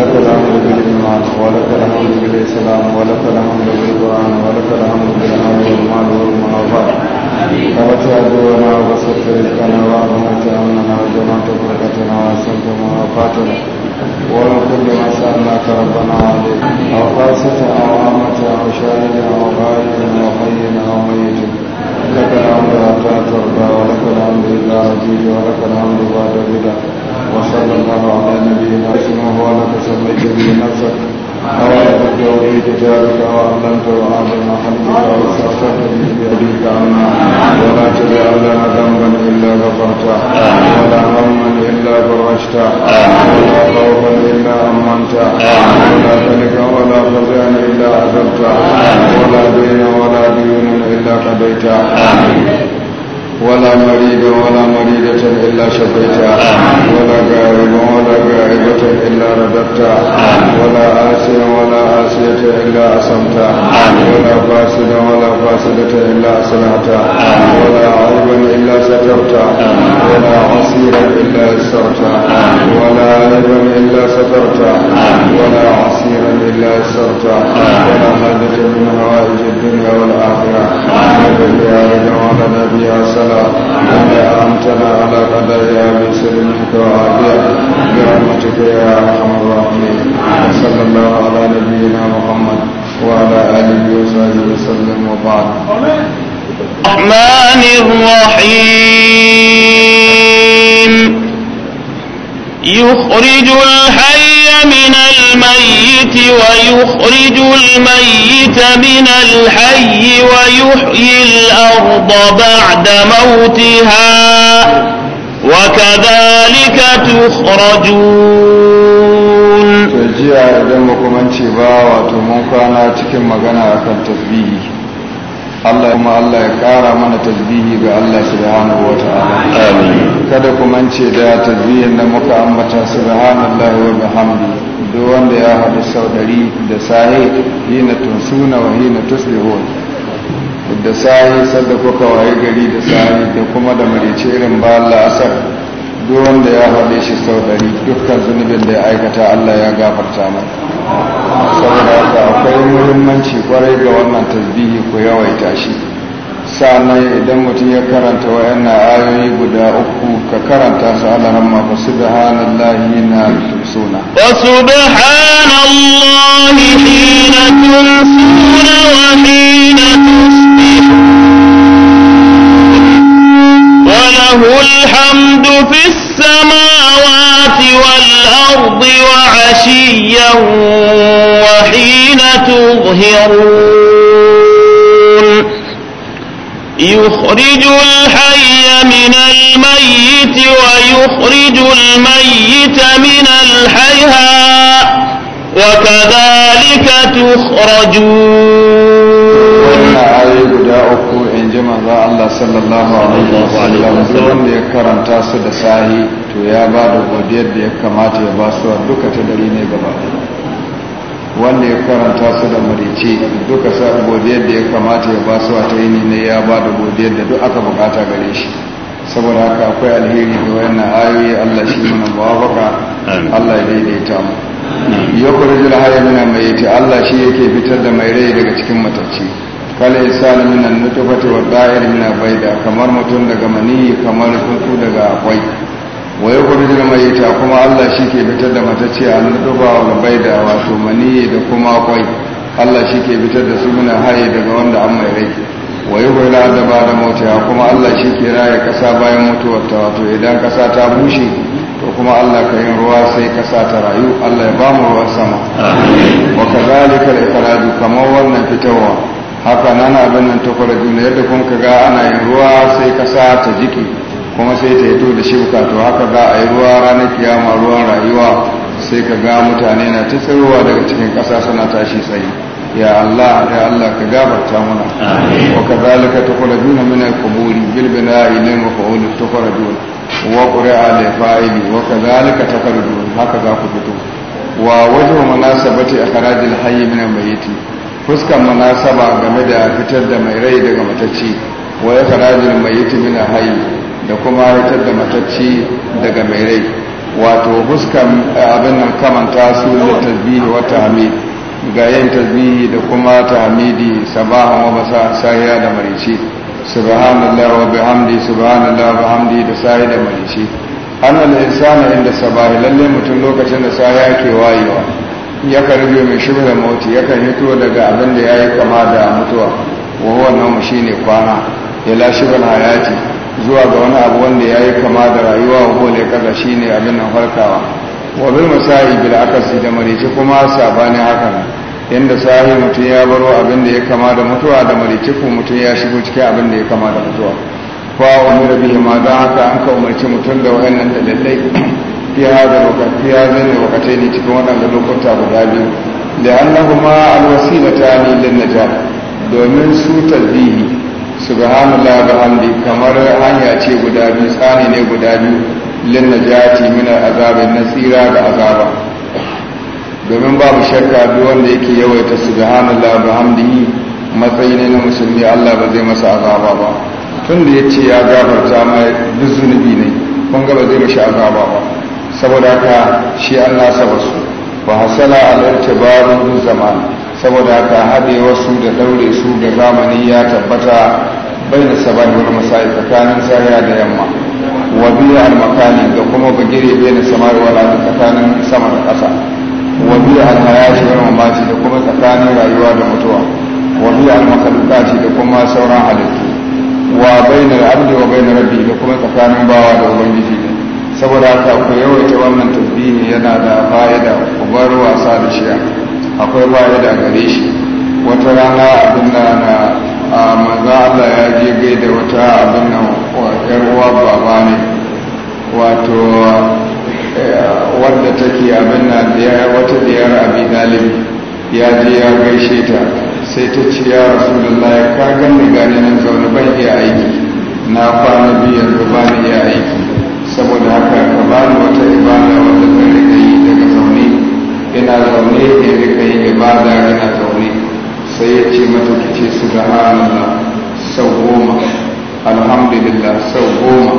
ولك ولك ولك ولك الحمد الحمد الحمد الحمد بالإيمان بالإسلام بالقرآن بالأمر رزقنا وجمعت بركتنا وأحسنت ما سألناك ربنا أو أو أو ولک أو وڑک أو گرو لك الحمد چوام چاہیے ولك الحمد رات رام ولک الحمد بعد بار وصلى الله على نبينا اسمه ولك سميت به نفسك أو أنت به تجارك أو أعلنت وأعظم حمدك واستغفرت به بيدك عنا ولا تدع لنا ذنبا إلا غفرته ولا هما إلا فرجته ولا خوفا إلا أمنته ولا تلكا ولا فزعا إلا عزلته ولا دينا ولا ديونا إلا قضيته ولا مريض ولا مريضة إلا شفيتها ولا غائب ولا غائبة إلا رددتها ولا آسيا ولا آسية إلا أصمتها ولا فاسد ولا فاسدة إلا أصلحتها ولا عيبا إلا سترتها ولا عسيرا إلا يسرتها ولا عيبا إلا سترتها ولا عسيرا إلا يسرتها ولا حاجة من هوائج الدنيا والآخرة نبيها ولنا بها سنة لنا ما أنعمتنا على أدائها من سلمك وعافية برحمتك يا أرحم الراحمين صلى الله على نبينا محمد وعلى آله وصحبه وسلم وبعد الرحمن الرحيم يخرج الحي من الميت ويخرج الميت من الحي ويحيي الأرض بعد موتها وكذلك تخرجون تجي على دمكم أنت باوة من كان تكن مغنى أكل تسبيه Allah kuma Allah ya kara mana tasbihi ga Allah subhanahu wa ta'ala kada ku mance da tasbihin da muka ambata subhanallahi wa bihamdi duk wanda ya haɗu sau ɗari da sahi hina tunsuna wa hina tusbihun da sahi sadda kuka gari da sahi da kuma da marice irin ba Allah asar wanda ya haɗe shi sau ɗari dukkan zunubin da ya aikata Allah ya gafarta mai saboda haka akwai muhimmanci kwarai ga wannan tasbihi ku yawaita shi sannan idan mutum ya karanta wayannan ayoyi guda uku ka karanta su alaran ma fa subhanallahi na tusuna fa subhanallahi hina wa hina له الحمد في السماوات والأرض وعشيا وحين تظهرون يخرج الحي من الميت ويخرج الميت من الحيها وكذلك تخرجون manzo Allah sallallahu alaihi wasallam wanda ya karanta su da sahi to ya ba da godiyar da ya kamata ya ba su a duka ta dare ne gaba wanda ya karanta su da marice duka sa godiyar da ya kamata ya ba su a ta'ini ne ya ba da godiyar da duk aka bukata gare shi saboda haka akwai alheri da wannan ayoyi Allah shi mana muwafaka Allah ya daidaita mu yau kurjul hayya min al-mayyit Allah shi yake fitar da mai rai daga cikin matacci kala isali min mutu nutfati wa da'ir min bai da kamar mutum daga mani kamar kuku daga akwai wa yukhrij mai mayyita kuma Allah shi ke fitar da matacce an-nutfa wa da wato mani da kuma akwai Allah shi ke fitar da su muna haye daga wanda an mai rai wa yukhrij da adaba da mawtiha kuma Allah shi ke raye kasa bayan mutuwar ta wato idan kasa ta bushe to kuma Allah ka yin ruwa sai kasa ta rayu Allah ya ba mu ruwan sama wa kadhalika al-ikhraju kamar wannan fitowa haka nan abin nan ta kwara juna yadda kun ka ga ana yin ruwa sai kasa ta jiki kuma sai ta hito da shuka to haka za a yi ruwa ranar kiyama ruwan rayuwa sai ka ga mutane na ta tsirowa daga cikin kasa suna tashi tsaye ya Allah ya Allah ka gabata mana wa kadhalika tukhrajuna min al-quburi bil bina'i lil maf'ul tukhrajun wa qira'a li fa'ili wa haka za ku fito wa wajhu munasabati akhrajil hayy min al-mayyit fuskan munasaba game da fitar da mai rai daga matacci wa ya farajin mai yi min hayi da kuma fitar da matacci daga mai rai wato fuskan eh, abin nan kamanta su da tasbihi wa tahmid ga yin tasbihi da kuma tahmidi sabahan wa basa sahiya da marici subhanallahi wa bihamdi subhanallahi wa bihamdi da sahiya da marici an al-insana inda sabahi lalle mutum lokacin da sahiya ke wayewa yakan rube mai shirin da mauti yakan hito daga abin da ya yi kama da mutuwa wa huwa shi ne kwana ila shibir hayati zuwa ga wani abu wanda ya yi kama da rayuwa wa huwa kaza shi ne abin nan farkawa wa bil masai bil akasi da marice kuma haka hakan yanda sahi mutum ya baro abin da ya kama da mutuwa da marice ko mutum ya shigo cikin abin da ya kama da mutuwa fa umira bihi ma da haka an ka umarci mutum da da lallai? ya zane lokatai ne cikin waɗanda lokuta guda biyu da annahuma alwasila ta ni lin domin su talbihi subhanallah wa hamdi kamar hanya ce guda biyu tsani ne guda biyu lin najati min azabin nasira ga azaba domin babu shakka duk wanda yake yawaita subhanallah wa hamdi matsayi ne na musulmi Allah ba zai masa azaba ba tunda yace ya gafarta mai duk zunubi ne kun ga ba zai mashi azaba ba saboda haka shi an nasa wasu ba hasala a al-irtibaru zaman saboda haka haɗe wasu da ɗaure su da zamani ya tabbata bai da sabani wani masai tsakanin tsariya da yamma wa biya al da kuma bagire bai da samar wala tsakanin sama da ƙasa wa biya al-hayashi wani mamaci da kuma tsakanin rayuwa da mutuwa wa biya al-makalukati da kuma sauran halittu wa bai abu abdi wa bainar rabbi da kuma tsakanin bawa da ubangiji ne saboda haka ku yawaita wannan tasbihi yana da fa'ida ku bar wasa da shi akwai fa'ida gare shi wata rana abin da na manzo Allah ya je gaida wata abin nan yar uwa baba ne wato eh, wadda take abin nan da wata diyar abi dalib ya je ya gaishe ta sai ta ce ya rasulullah ka ganni gani nan zaune ban iya aiki na kwana biyu yanzu ba ni iya aiki saboda haka ka ba ni wata ibada wanda ka rika yi daga zaune ina zaune ya rika yi ibada ina zaune sai ya ce mata ki ce su da Allah sau goma alhamdulillah sau goma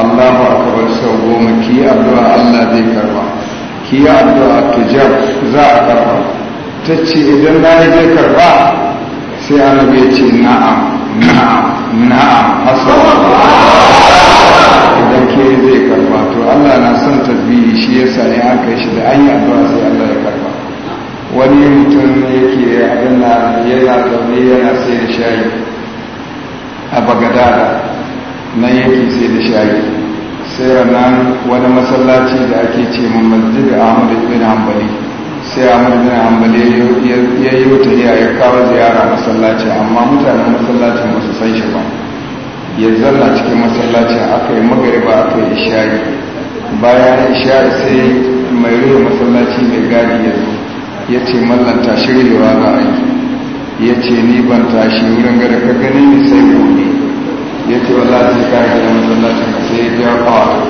Allahu akbar sau goma ki addu'a Allah zai karba ki yi addu'a tujab za a karba ta ce idan na yi zai karba sai annabi ya ce na'am na'am na'am hasan mutumin da yake na yana zaune yana sai da shayi a bagadada na yake sai da shayi sai ranar wani masallaci da ake ce mun masjid ahmad ibn hanbali sai ahmad ibn hanbali ya yi wata ya kawo ziyara masallaci amma mutanen masallacin ba su san shi ba ya zanna cikin masallaci aka yi magariba aka yi isha'i bayan isha'i sai mai ruwa masallaci mai gadi ya zo ya ce mallanta shirya rihewa za a yi ya ce ni ban tashi wurin gada ka gani ne sai gobe ya ce wala sai ka gida masallacin ka sai ya biya kawata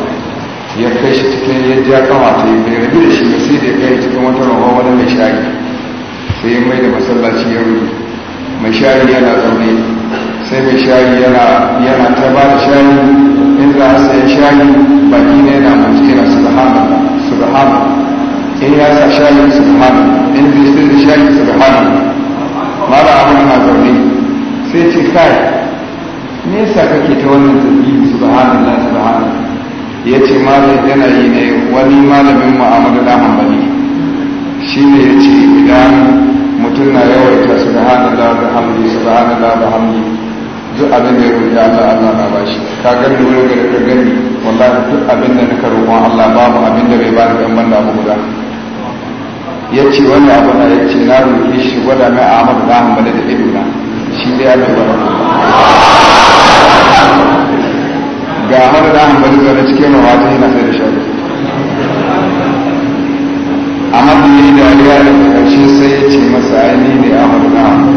ya kai shi cikin ya biya kawata ya yi bai rabu da shi ba sai da ya kai cikin wata rawa wani mai shayi sai ya mai da masallaci ya rubu mai shayi yana zaune sai mai shayi yana ta ba da shayi in za a sayan shayi baki ne na mutu yana subhanallah subhanallah in ya sa shayin subhanu in bai sai da shayin subhanu mala abin na zaune sai ce kai me yasa kake ta wannan tasbihi subhanu la subhanu ya ce malam yana yi ne wani malamin mu'amadu da hanbali shi ne ya ce idan mutum na yawaita subhanallah da hamdi subhanallah da hamdi duk abin da ya roƙi Allah Allah na bashi ka gani wani gari ka gani wallahi duk abin da nika roƙon Allah babu abin da bai bani ban banda abu guda ya ce wani abu na ya ce na roƙe shi gwada mai amadu da hamadu da ibina shi da ya bai ga hamadu da hamadu cike cikin wata yana sai da shaɗu amadu ne da ya da ƙarshe sai ya ce masa aini ne amadu da hamadu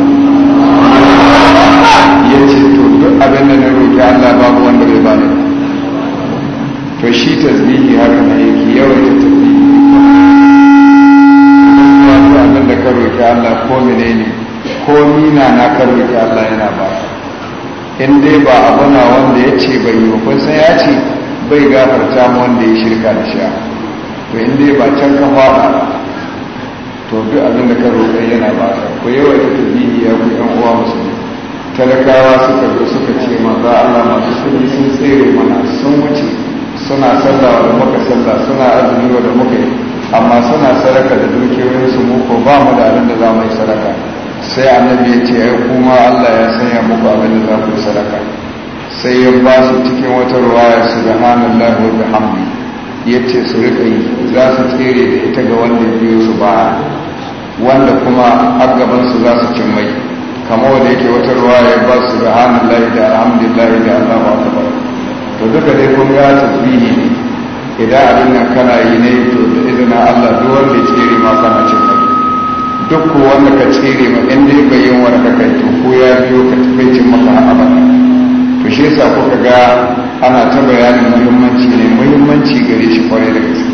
ya ce to duk abin da na roƙi allah babu wanda bai bani to shi tasbihi haka na yake yawan Allah ko menene ko nina na karbe Allah yana ba in dai ba abu na wanda ya ce bai yi kun san ya ce bai gafarta mu wanda ya shirka da sha to in dai ba can ka fara to duk abin da ka roƙa yana ba ka ku yawa ta tabbiyi ya ku yan uwa musu talakawa suka zo suka ce ma maza Allah masu sunni sun tsere mana sun wuce suna sallah da muka sallah suna azumi da muka yi amma suna sadaka da dukiyoyinsu mu ko ba mu da abin da za mu yi sadaka sai annabi ya ce ai kuma Allah ya sanya muku abin da za ku yi sadaka sai ya ba su cikin wata ruwaya subhanallahi wa bihamdi yace su rika yi za su tsere da ita ga wanda biyo su ba wanda kuma har gaban su za su cin mai kamar wanda yake wata ruwaya ba su subhanallahi da alhamdulillah da Allahu akbar to duka dai kun ga tasbihi ne idan abin nan kana yi ne to da izinin Allah duk wanda tsere ma kana cin mai duk ko wanda ka tsere ma in dai bai yin wani ka kai to ko ya biyo ka bai cin maka abada to shi yasa kuka ga ana ta bayanin muhimmanci ne muhimmanci gare shi kwarai da gaske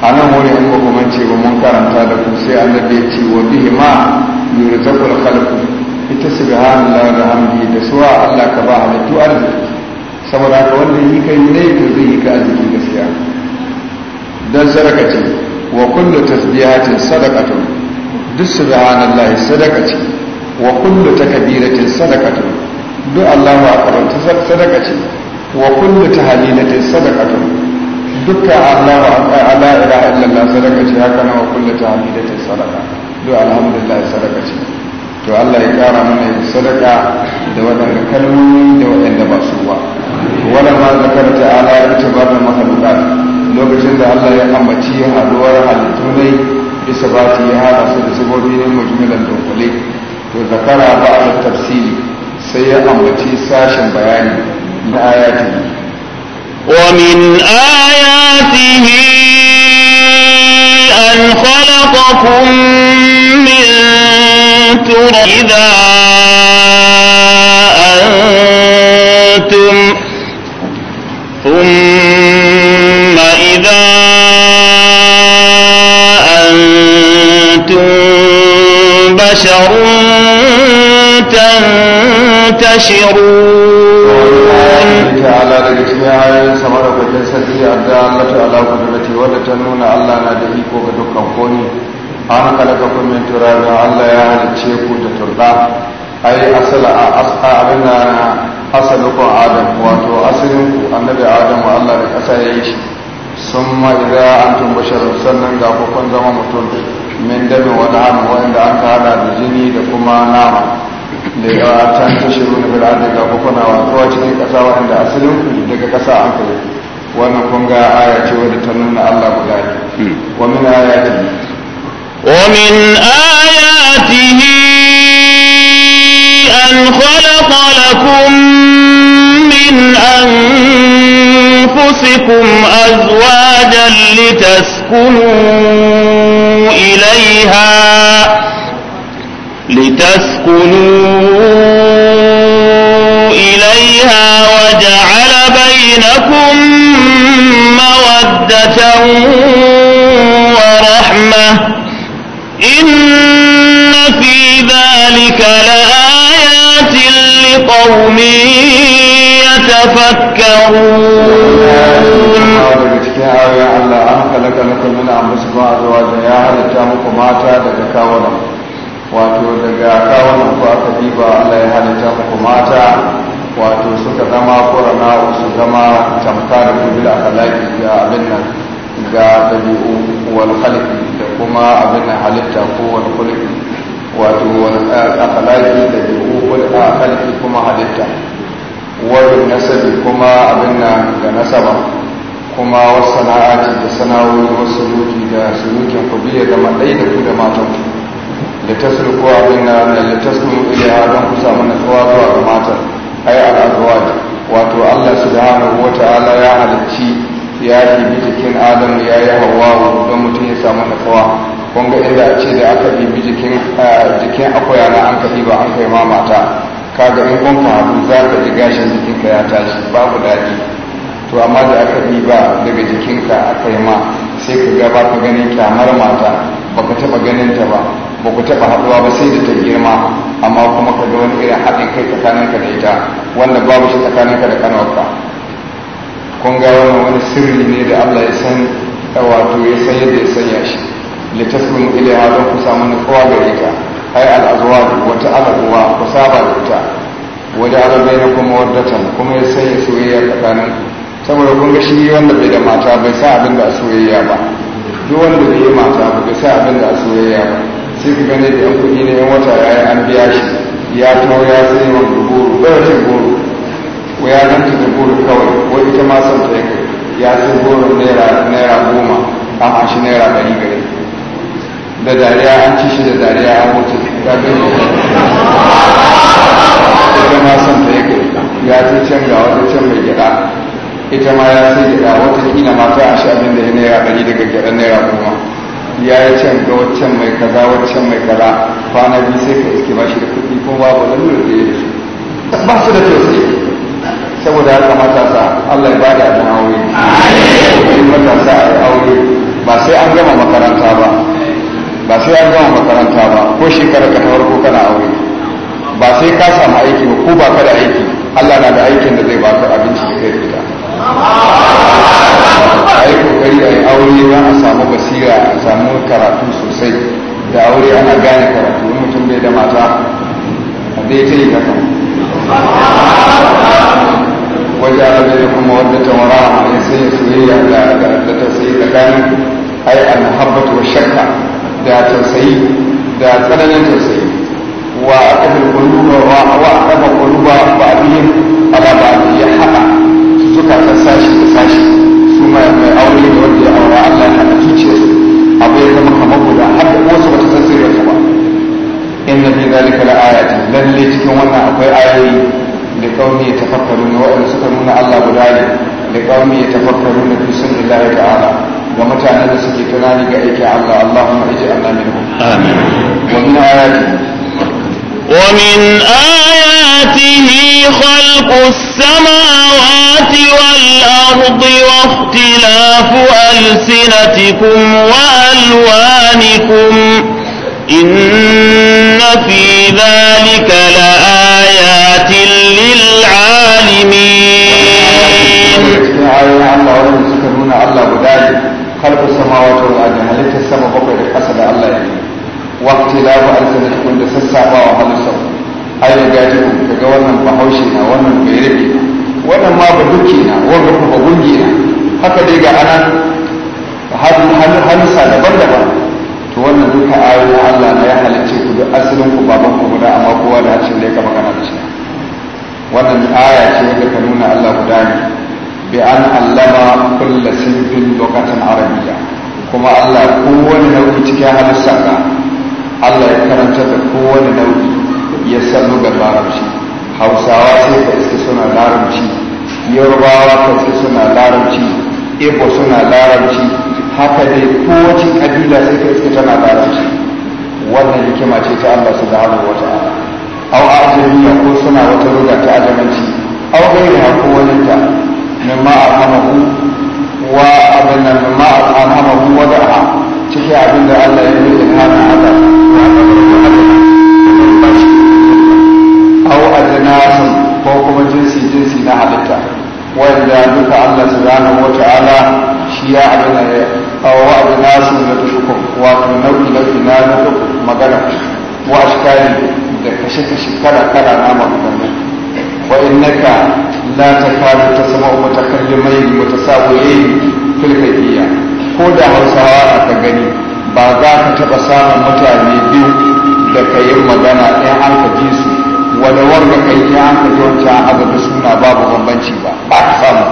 a nan wani an hukumance ba mun karanta da ku sai Allah ya ce wa bihi ma yurzaqul khalqu ita subhanallahi wa hamdihi da suwa Allah ka ba halittu arziki saboda ga wanda yi kai ne to zai yi ka a jiki gaskiya don sadaka ce wa kullu tasbihatin sadaqatun duk subhanallahi sadaka ce wa kullu takbiratin sadaqatun duk Allahu akbar sadaka ce wa kullu tahlilatin sadaqatun dukka Allahu ala ilaha illallah sadaka ce haka na wa kullu tahlilatin sadaqa duk alhamdulillah sadaka ce to Allah ya kara mana sadaka da wadannan kalmomi da wadanda ba su ba Wani ma zakar ta'ala ya ba da mahalukat lokacin da Allah ya ambaci haduwar halittu ne bisa ba ta yi hada su da sabobi ne mujmilan dunkule to zakara ba da tafsiri sai ya ambaci sashen bayani na ayati ومن آياته أن خلقكم ga kokon zama mutum min dabin wani hannu wanda an hada da jini da kuma nama da ya ta kashe wani fira da ga kokona kawai cikin ƙasa wanda asalin ku daga ƙasa an kai wannan kun ga aya ce wadda ta nuna Allah guda ne wa min ayati wa min ayatihi an khalaqa lakum min anfusikum azwajan litas لتسكنوا إليها لتسكنوا إليها وجعل بينكم مودة ورحمة إن في ذلك لآيات لقوم يتفكرون musu ba zuwa da ya halitta muku mata daga kawunan wato daga kawunan ku aka diba Allah ya halitta muku mata wato suka zama qurana su zama tamka tamkar bil akalaki ga abin nan ga dabi'u wal khalqi da kuma abin halitta ko wal kulki wato wal eh, akalaki da dabi'u wal akhlaqi eh, kuma halitta wal nasabi kuma abin nan ga nasaba kuma wasu sana'ati da sana'o'i wasu yuki da sunukin ku biya zama ɗaya da ku da matan da ta ko abin na da da tasir ku ya don ku samu natsuwa zuwa ga matan ai al'azuwa wato allah hannu wata ala ya halarci ya bi jikin adam ya yi hawa don mutum ya samu na kun ga inda a ce da aka fi jikin jikin akwai na an ba an kai ma mata kaga in kun ka haɗu za ka ji gashin jikinka ya tashi babu daɗi to amma da aka ba daga jikinka aka kaima sai ka ga ba ka ganin kyamar mata ba ka taɓa ganin ta ba ba ku taɓa haɗuwa ba sai da ta girma amma kuma ka ga wani irin haɗin kai tsakaninka da ita wanda babu shi tsakaninka da kanwarka kun ga wannan wani sirri ne da Allah ya san wato ya san yadda ya sanya shi litaskun ilaiha don ku samu nutsuwa gare ta ai al'azwaj wata al'azuwa ku saba da ita wajen alabai na kuma waddatan kuma ya sanya soyayya tsakanin saboda kun ga shi wanda bai da mata bai sa abin da soyayya ba duk wanda bai yi mata ba bai sa abin da soyayya ba sai ka gane da yan kuɗi ne yan wata yayin an biya shi ya tawo ya sai wa goro bai cin goro ko ya zanta da goro kawai ko ita ma son ta yake ya sai goro naira naira goma a shi naira ɗari gari da dariya an ci shi da dariya an mutu ta gani ita ma son ta yake ya ce can ga wata can mai gyaɗa ita ma ya sai wata watakila ma ta shi abin da ya naira ɗari daga gyaran naira goma ya yi can ga waccan mai kaza waccan mai kaza kwana biyu sai ka iske ba shi da kuɗi ko babu lalurar da ya da shi ba su da tausayi saboda haka matasa Allah ya ba da abin aure in matasa a aure ba sai an gama makaranta ba ba sai an gama makaranta ba ko shekarar ka farko kana aure ba sai ka samu aiki ba ko ba ka da aiki Allah na da aikin da zai baka abinci da kai gida a yi kokari a yi aure don a samu basira a samu karatu sosai da aure ana gane karatu wani mutum bai da mata a dai ta yi haka wajen alabai kuma wadda ta wara a ya sanya soyayya da tausayi tsakanin ai an habbatu wa shakka da sai da tsananin tausayi wa aka fi kuluba wa aka fi kuluba ba a biyu ala ba a biyu haka karɓar sashi da sashi su mai mai aure da wanda ya aura Allah ya haɗa zuciyarsu abu ya zama kamar guda har da wasu bata san sirrin ba inna fi zalika la ayatin lalle cikin wannan akwai ayoyi da kaumi ya tafakkaru na waɗanda suka nuna Allah guda ne da kaumi ya tafakkaru na fi sun lillahi ta'ala ga mutanen da suke tunani ga aikin Allah Allahumma ij'alna minhum amin wa min ayatin ومن آياته خلق السماوات والأرض واختلاف ألسنتكم وألوانكم إن في ala gaji ku kaga wannan bahaushe na wannan ne wannan ma ba duke na wannan kuma gungi na haka dai ga anan halisa daban-daban to wannan duka ayoyin Allah na ya halicce ku da asalin ku baban ku guda amma kowa da harshen da ya kama kana shi wannan aya ce da ka nuna Allah guda ne bi an allama kullu sinfin lokacin arabiya kuma Allah kowane nau'i cikin halittar Allah ya karanta da kowane nau'i ya sanu da larabci hausawa sai ka iske suna larabci yarbawa ka iske suna larabci ibo suna larabci haka dai kowace kabila sai ka iske tana larabci wannan hikima ce ta Allah su da subhanahu wa a aw ajamiya ko suna wata ruga ta au aw gaira ko wani ta mimma hamahu wa abinna mimma alhamahu a cikin abin da Allah ya yi ilhamin Allah wanda duka Allah subhanahu wa ta'ala shi ya abin ya awa abu nasu da tushuku wato nau'i nau'i na nuku magana wa ashkari da kashe kashe kala kala na magana wa innaka la takadu tasma'u mutakallimai mutasawiyin fil kayfiyya ko da Hausawa aka gani ba za ka taba samun mutane biyu da kayin magana ɗaya an ka ji su Wani wanda kai ya hanka yawanci an abu da suna babu bambanci ba ba ka samu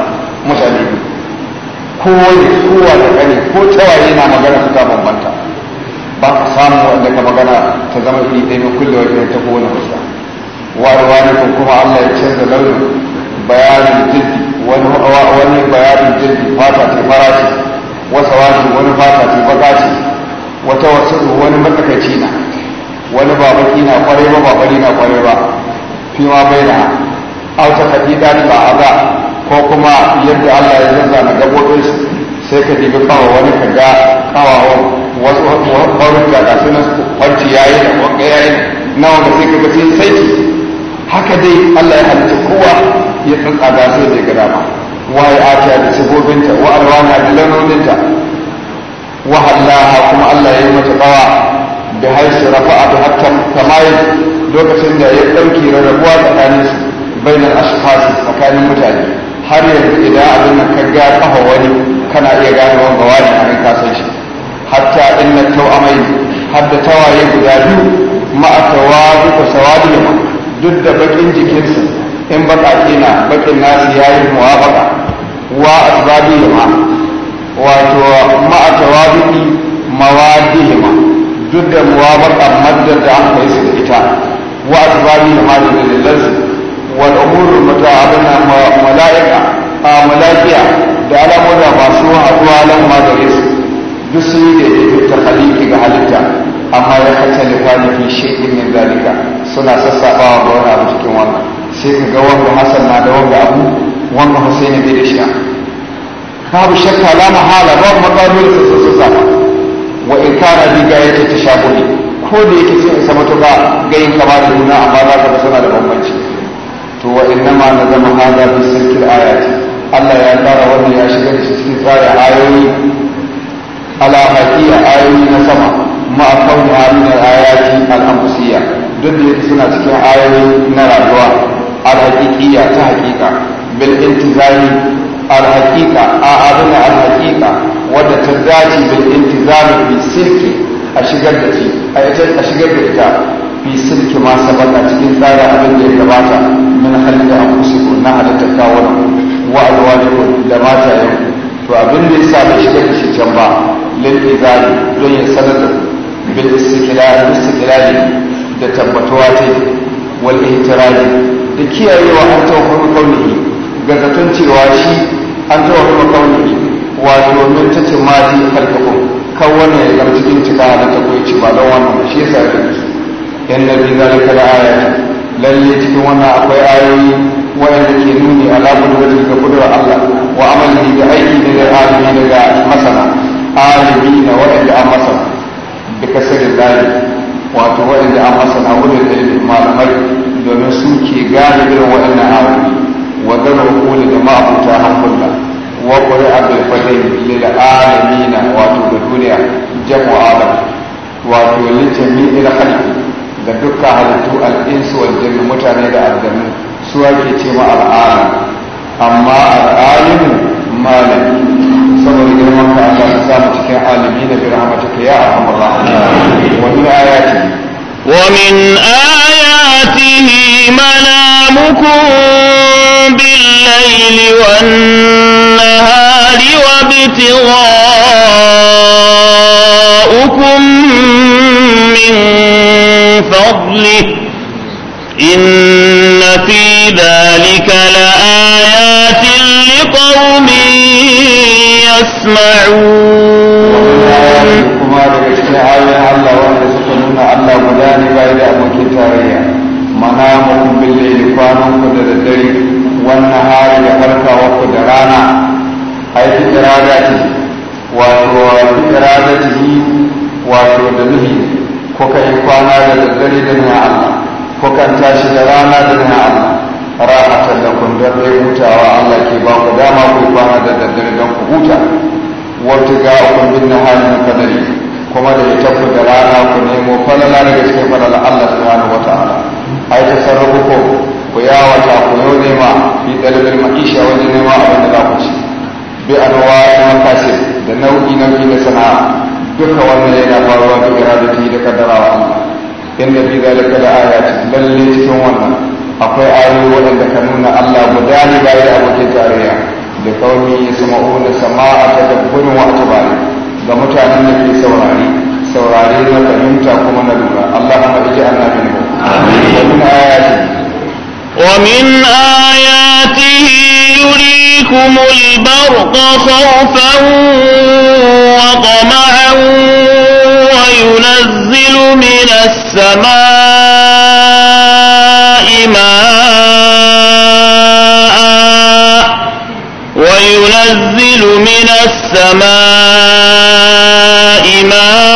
mutane ko wani kowa da kare ko tawaye na magana su ta bambanta ba ka samu wanda ka magana ta zama iri ɗaya na kulle wajen ta kowane wasu wani wani ko kuma Allah ya canza launin bayanin jirgi wani wani bayanin jirgi fata ce fara ce wasa wani fata ce baka ce wata wasu wani matsakaici na wani ba baki na kwarai ba ba na kwarai ba fi ma bai na auta kadida ba aza ko kuma yadda Allah ya zanta na gabobin sai ka dibi kawo wani ka ga kawawan wasu ɓarurruka ga sunan kwanci yayi da kwanka yayi na wanda sai ka gasi sai haka dai Allah ya halitta kowa ya tsantsa ga sai da gada ba. waye ta da sabobinta wa alwana da launoninta wa hallaha kuma Allah ya yi mata bawa da haisu rafa'a da hatta tamayi lokacin da ya ɗauki rarrabuwa tsakanin su bainar ashkhasi tsakanin mutane har yanzu idan abin nan ka ga kafa wani kana iya gane wanda wani a nan kasan shi hatta inna tawamai har da tawaye guda biyu wa duka sawadi ma, duk da bakin jikinsu in baka na bakin nasu ya yayi muwafaka wa ma wato wa ma'a tawadu'i ma. duk da muwafaqan maddar da an kai su ita wa asbabi da malin dalilan su wal umurul na malaika a malaikiya da al'amura masu haɗuwa lan ma gare su duk sun yi da yake ta haliki ga halitta amma ya kanta da kwanaki shekin min zalika suna sassaɓawa ga wani abu cikin wannan sai ka ga wanda Hassan na da wanda abu wanda husaini bai da shi babu shakka la mahala babu matsalolin su su sassaɓa wa in kana bi ga yake tashabuhi ko da yake sai mato ba ga yin kama da juna amma za ka suna da bambanci to wa inna ma na zama hada bi sirkil ayati Allah ya tsara wannan ya shiga da cikin tsare ayoyi ala haqiqa ayoyi na sama ma kauni halin ayati al-anfusiyya duk da yake suna cikin ayoyi na rayuwa al-haqiqiyya ta haqiqa bil intizari al alhaƙiƙa a abin alhaƙiƙa wanda ta dace da intizami fi silki a shigar da shi a ita a shigar da ita fi silki ma sabaka cikin tsara abin da ya gabata min halitta an kusurku na halitta kawon wa alwaliku da mata yau to abin da ya sa bai shigar da shi can ba lintizami don ya sanar da bi istikilali da tabbatuwa ta wal ihtirali da kiyayewa an ta kaunihi ga zaton cewa shi an ta wata makauni wato domin ta ce maji kalkakun kan wani ya gar cikin cika na ta koyi ba don wannan shi yasa ya rubuta yan nabi zalika da ayatu lalle cikin wannan akwai ayoyi da ke nuni da wajen ga kudurar Allah wa amalihi da aiki da alimi daga masana alimi na da an masana da kasarin dali wato da an masana wurin da malamai domin su ke gane irin waɗannan ayoyi وذر العقول جماعة متاحا كلا وقرئ بالفتح للعالمين وتدنيا جمع عالم وتولجميع الخلق da duka halittu al'insu wal mutane da aljanu su ake ce ma al'alim amma al'alimu malami saboda girman ka Allah ka samu cikin alimi da bi a ya arhamar rahimin wa min بالليل والنهار وابتغاءكم من فضله إن في ذلك لآيات لقوم يسمعون اللهم جانب الى امك مناما بالليل فانا nahari da farkawar ku rana ai fi iradati wato fi iradati wato da nuhi kuka yi kwana da daddare da nuna Allah kukan tashi da rana da nuna Allah rahatan da kun don rai hutawa Allah ke ba ku dama ku kwana da daddare don ku huta wata ga kun bin nahari na kadari kuma da ya tafi da rana ku nemo falala daga cikin falala Allah wata wa ta'ala ai tasarrufu ku yawata ku yau nema fi ɗalibin ma'isha wajen nema abin da za ku ci bi anwa ta makasi da nau'i nau'i na sana'a duka wannan yana faruwa da iradati da kaddarawa Allah inda fi zalika da ayati lalle cikin wannan akwai ayoyi waɗanda ka nuna Allah guda ne ba da abokin tarayya da kawai sama'una sama'a ta dabburin wa atbari ga mutanen da ke saurari saurari na fahimta kuma na lura Allah ma iji annabi ne amin wa ayati ومن آياته يريكم البرق خوفا وطمعا وينزل من السماء ماء وينزل من السماء ماء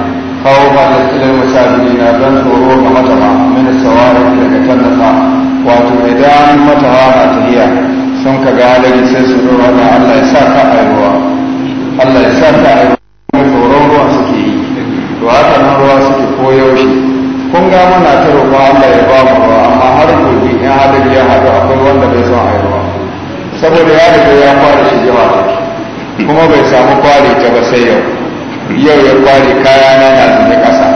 أو بعد إلى na دون tsoro ga matama min sawari daga tallafa wato idan matawa na tahiya sun ka ga halari sai su zo wannan Allah ya sa ka aiwa Allah ya sa ka aiwa tsoron ruwa suke yi to haka nan ruwa suke koyaushe kun ga muna ta roƙo Allah ya ba mu ruwa amma har gobe in halari ya haɗu akwai wanda bai son aiwa saboda ya riga ya fara shigewa kuma bai samu kwari ta ba sai yau yau ya kware kaya na na da kasa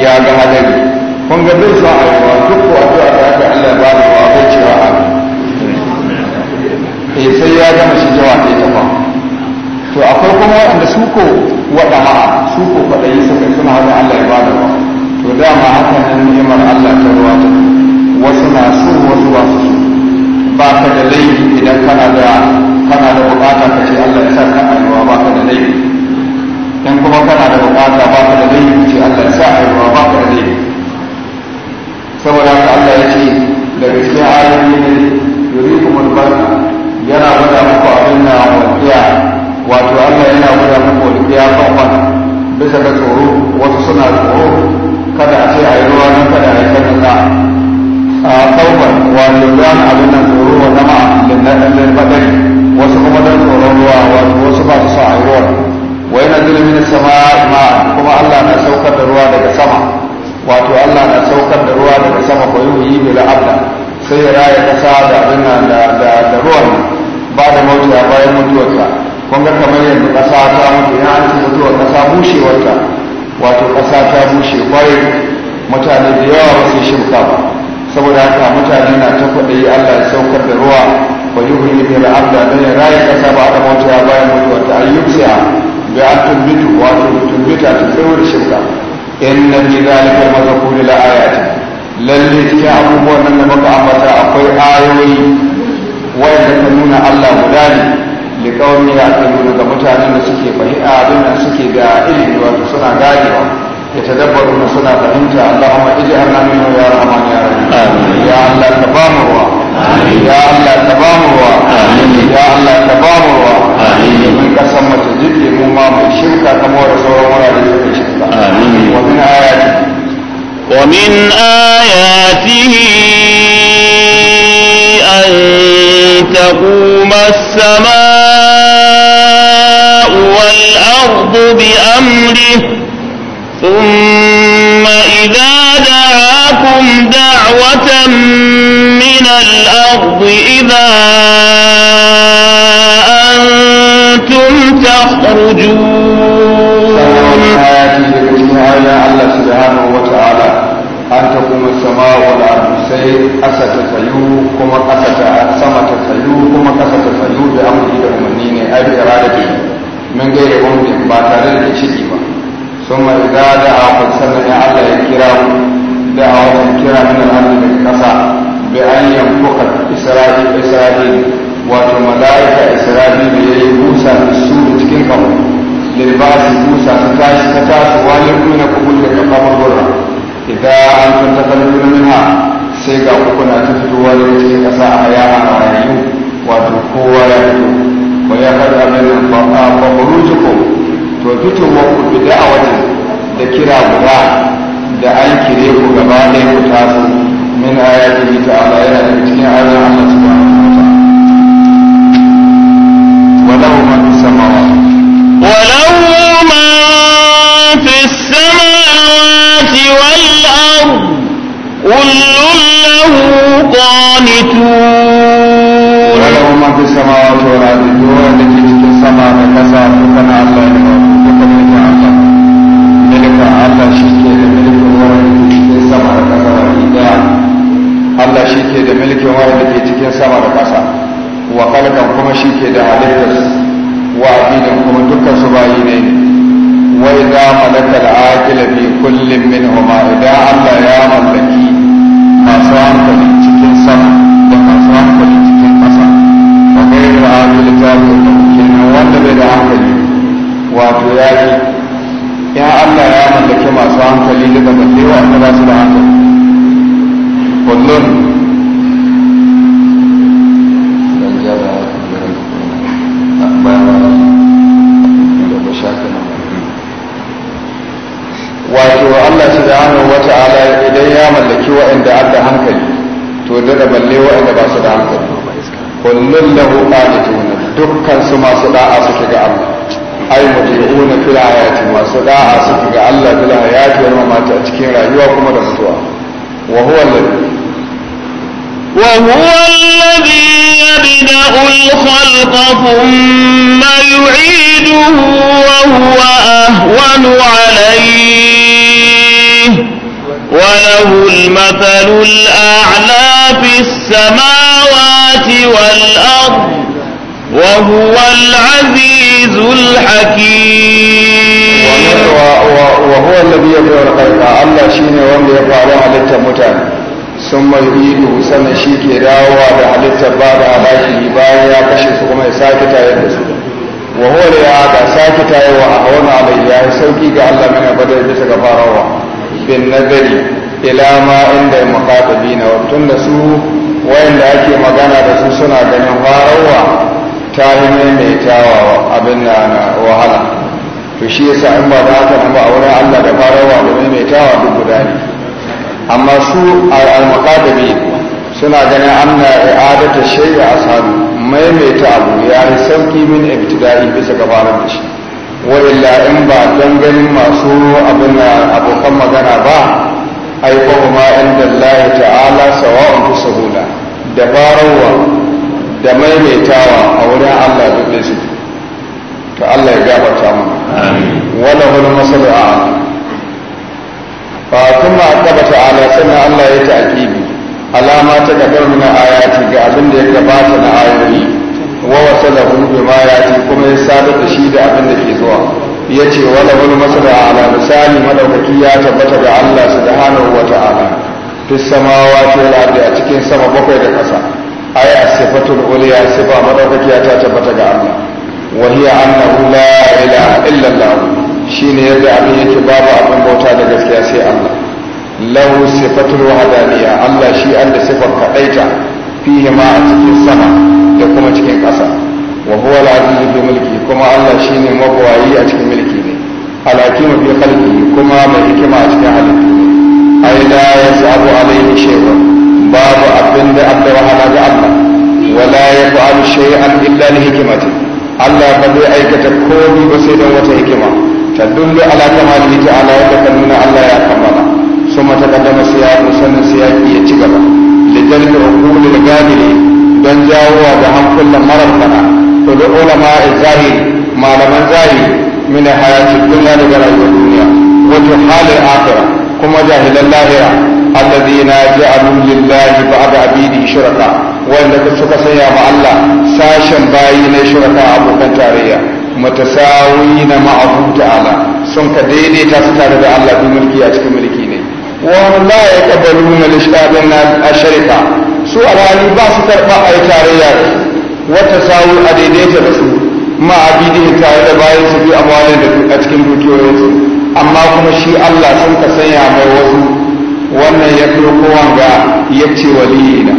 ya ga hadari kun ga zai sa alwa duk ko addu'a ta haka Allah ba mu abin cewa amin eh sai ya gama shi jawa ta tafa to akwai kuma wanda su ko wada su ko yi sai suna haka Allah ya ba da to dama haka nan ni'imar Allah ta ruwa ta wasu na su wasu ba su ba ka da laifi idan kana da kana da bukata ka ce Allah ya sa ka alwa ba ka da laifi in kuma kana da bukata ba ka da laifi ce Allah ya sa a yi ba ka da laifi saboda haka Allah ya ce daga cikin ayoyi ne yurikumul barka yana gwada muku abin na walƙiya wato Allah yana gwada muku walƙiya kwakwan bisa ga tsoro wasu suna tsoro kada a ce a yi ruwa nan kada a yi sadaka a kaukan wato gane abin nan tsoro wa zama da badari wasu kuma don tsoron ruwa wasu ba su sa a yi ruwa wa yana zuru min sama ma kuma Allah na saukar da ruwa daga sama wato Allah na saukar da ruwa daga sama ko yi bil abda sai ya raya kasa da abin da da ruwan ba da ya bayan mutuwarta kun ga kamar yanzu kasa ta mutu ya an ci mutuwar kasa bushewarta wato kasa ta bushe kwarai mutane da yawa ba su shirka ba saboda haka mutane na ta kwaɗayi Allah ya saukar da ruwa wa yuhyi bil abda sai ya raya kasa ba da ya bayan mutuwarta ayyuka da an tumbitu wato tumbita ta tsawar shirka in na fi zalika mazakuri la ayati lalle cikin abubuwan nan da muka ambata akwai ayoyi wanda ka nuna Allah guda ne da kawai ya ta mutanen da suke fahimta abin da suke da ilimi wato suna ganewa ya tadabbaru na suna fahimta Allahumma ij'alna minhum ya rahman ya rahim ya Allah ka ba mu ruwa ya Allah ka ya Allah ka mace jirgi الشركة كما رسول الله آمين ومن آياته ومن آياته أن تقوم السماء والأرض بأمره ثم إذا دعاكم دعوة من الأرض إذا كنتم تخرجون الله سبحانه وتعالى أن تقوم السماء والأرض سيد أسد فيو كما أسد سمة فيو كما أسد فيو بأمره لأمنين أي إرادته من غير أمر باتر الشيء ثم إذا دعا فسمع الله يكراه دعا وكراه من الأرض من الكسا بأن ينفق إسرائيل إسرائيل wato mala'ika isra'ila ya yi busa da su da cikin kan lilbasi busa ta tashi ta tashi wani kuna kuma da kafafar gura idan an tun ta kalli minha sai ga kuna ta fito wani cikin kasa a haya a rayu wato kowa ya fito ba ya faɗa min ko to fitowa ku bi da'awatin da kira guda da an kire ku gaba ɗaya ku taso min ayatihi ta'ala yana daga cikin ayoyin Allah subhanahu ولو ما في السماوات ولو ما في السماوات والأرض كل له قانتون ولو ما في السماوات والأرض كل التي في السماء فكسا فكنا الله فكنا الله ملك الله شكي ملك الله sama da ƙasa baki daya Allah shi ke da mulkin wanda ke cikin sama da ƙasa wa kalkan yake da halittar wa da kuma dukkan su bayi ne wai idza malakal aqila idan Allah ya mallaki masu hankali cikin sama da masu hankali cikin ƙasa wa wanda bai da hankali wato ya yi ya Allah ya mallaki masu hankali da ba su da hankali subhanahu wa ta'ala idan ya mallaki wa'anda aka hankali to da da balle wa'anda ba su da hankali kullun lahu qanituna dukkan su masu da'a suke ga Allah ai mutiuna fil ayati masu da'a suke ga Allah bil hayati wa mamati a cikin rayuwa kuma da mutuwa wa huwa alladhi wa huwa alladhi يبدأ الخلق ثم يعيده وهو أهون عليه وله المثل الأعلى في السماوات والأرض وهو العزيز الحكيم وهو الذي يبدأ الخلق الله شيني وان يفعل على التمتان ثم يعيده سنة شيكي راوى على التباب على بايا كشف وما يساكتا يدسو وهو لعادة ساكتا وأهون عليه يا سوكي قال من بدأ بسك فاروا bin nazari ila ma inda muqatabina tun da su wayanda ake magana da su suna ganin farawa ta yi maimaitawa abin da na wahala to shi yasa in ba za haka nan ba a wurin Allah da farawa da maimaitawa duk guda ne amma su al-muqatabi suna ganin anna i'adatu shay'a ashabu maimaita abu ya sauki min ibtida'i bisa gabanin da shi wa'illa in ba don ganin masu abokan magana ba aiko ma inda Allah ta'ala sawa'un tusabula da farawa da maimaitawa a wurin Allah duk da suke to Allah ya gafarta mu wala hul masalu a fa kuma akaba ta'ala sannan Allah ya ta'kibi alama ta gabar min ayati ga abin da ya gabata na ayoyi wa ma ya ji kuma ya sabar da shi da abin da ke zuwa yace wala masana masala ala misali madaukaki ya tabbata ga Allah subhanahu wa ta'ala fi samawati wal ardi a cikin sama bakwai da kasa ay as-sifatul ulya sifa madaukaki ya tabbata ga Allah wa hiya annahu la ilaha illa Allah shine yadda abin yake babu abin bauta da gaskiya sai Allah lahu sifatul wahdaniyya Allah shi Allah sifar kadaita fihi ma a cikin sama kuma cikin ƙasa wa huwa al aziz bi mulki kuma Allah shine magwayi a cikin mulki ne al'akima bi khalqi kuma mai hikima a cikin halittu ne yasabu alayhi shay'un babu abin da abda wahala ga Allah wala yaf'alu shay'an illa li hikmati Allah ba zai aikata komai ba sai don wata hikima tadullu ala kamalihi ta'ala yadda ta nuna Allah ya kammala ثم تقدم ya ci gaba تقبل da hukumar القابلين don jawowa ga hankulan marar bana, to duk ulama zahiri malaman zahiri min hayatin dunya daga rayuwar duniya wato halin akhirah kuma jahilan lahira alladhina ja'alu lillahi ba'da abidi shuraka wanda suka sanya ma Allah sashen bayi na shuraka abokan tarayya متساوين معه تعالى سنك ديدي تستار الله بملكي أتك ملكي ني وهم لا يقبلون الإشهاد الشركة su alhali ba su karɓa a yi tarayya wata sawu a daidaita da su ma a bidiyin tare da bayan su bi amwalin da a cikin dukiyoyinsu amma kuma shi Allah sun ka sanya mai wasu wannan ya ɗauko wanga ya ce waliyina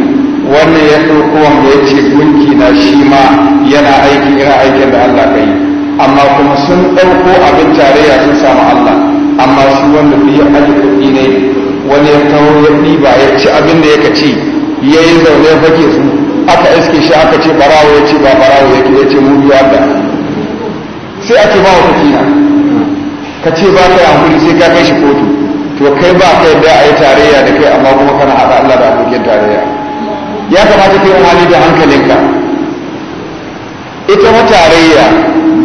wannan ya ɗauko wanga ya ce gunki na shi ma yana aiki irin aikin da Allah ka yi amma kuma sun ɗauko abin tarayya sun samu Allah amma shi wanda bai yi aji kuɗi ne wani ya kawo ya ɗiba ya ci abin da ya ka ci ya yi zaune ya fake su aka iske shi aka ce barawo ya ce ba barawo yake ya ce mu biya da. sai ake ba wa fakina ka ce ba ka yi hankali sai ka kai shi kotu to kai ba ka yadda a yi tarayya da kai amma kuma kana haɗa Allah da abokin tarayya ya kamata ka yi hali da hankalinka ita ma tarayya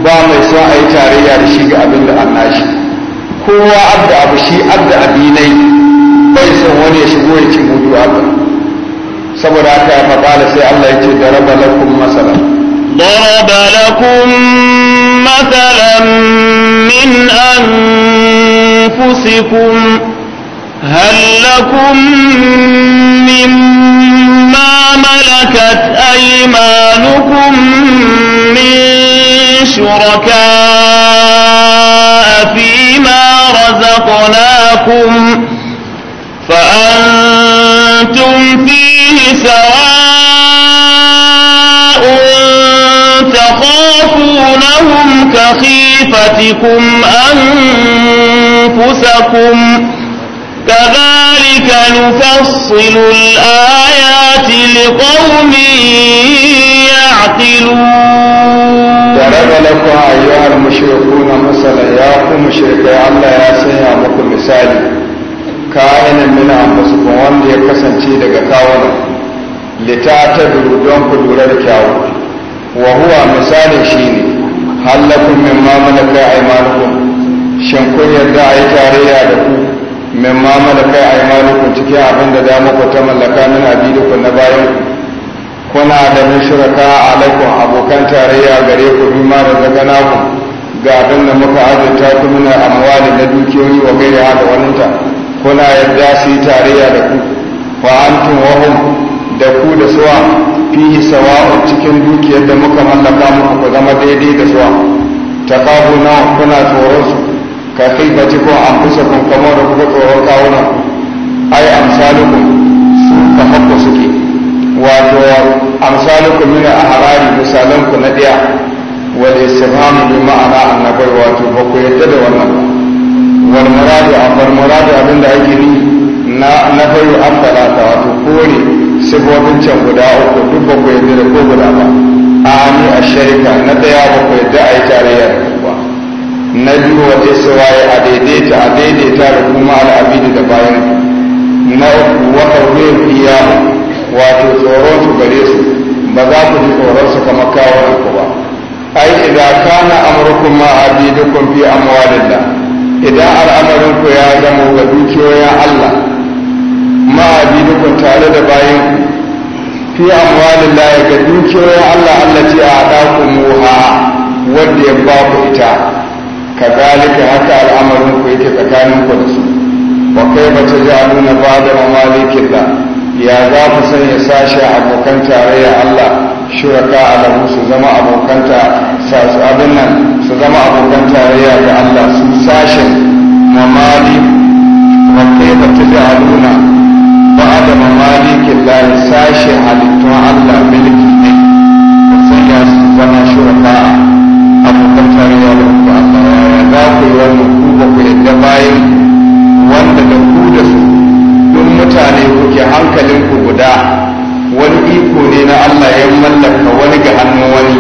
ba mai son a yi tarayya da shi ga abin da an nashi kowa abda abu shi abda abinai bai son wani ya shigo ya ce mutu abu saboda haka ya faɗa da sai Allah ya ce daraba lakum masala daraba lakum masalan min anfusikum هل لكم مما ملكت أيمانكم من شركاء فيما رزقناكم فأنتم فيه سواء تخافونهم كخيفتكم أنفسكم كذلك نفصل الآيات لقوم يعقلون ترى لكم أيها المشركون مثلا يا مشركي الله يا سيدي مثالي kayanan nuna musu wanda ya kasance daga kawunan litata don ku lura da kyawu wa huwa misalin shi ne hallakun min mamalaka aimanukum shin kun yarda a yi tarayya da ku min mamalaka aimanukum cikin abin da dama ku ta mallaka min abidukun na bayan kuna da a alaikum abokan tarayya gare ku bima da ku ga abin da muka azurta ku muna amwali na dukiyoyi wa gaira da waninta kuna yadda su yi tarayya da ku wa antum wahum da ku da suwa fihi sawa'un cikin dukiyar da muka mallaka muku ku zama daidai da suwa takabuna kuna tsoron su ka kai bace ko an fi kun kamar da kuka tsoron kawunan ai amsalukum su ka hakku suke wato amsalukum min a misalan ku na ɗaya wal istifhamu bi ma'ana annabai wato ba ku yadda da wannan ba wal muradi wal muradi abin da ake ni na na an bala ta wato kore sifofin can guda uku duk ba ku yadda da ko guda ba a ni a sharika na daya ba ku yadda a yi tarayyar ba na biyu wace iswaye a daidaita a daidaita da kuma al'abidi da bayan na uku wa kawai fiya wato tsoron su gare su ba za ku ji tsoron su kamar kawo ku ba ai idan kana amurkum ma abidukum fi amwalillah idan al'amarin ku ya zama ga dukiyoyin Allah ma'abi tare da bayan ku fi amwalin laye ga dukiyoyin Allah Allah ce a haɗa ku muha wadda ya ba ku ita ka zalika haka al'amarin ku yake tsakanin ku da su wa kai ba ta ja nuna ba da mamalikin ya za ku sanya sashen abokan tarayyar Allah shuraka alahu su zama abokanta sasu abin nan su zama abokan tarayya ga Allah su sashen mamali aduna ba taj'aluna ba'da mamalikin lahi sashen halittun Allah miliki ne ya zama shuraka abokan tarayya da ku Allah za ku yi wani ku ba ku yadda bayan wanda da ku da su duk mutane kuke hankalinku guda wani iko ne na Allah ya mallaka wani ga hannun wani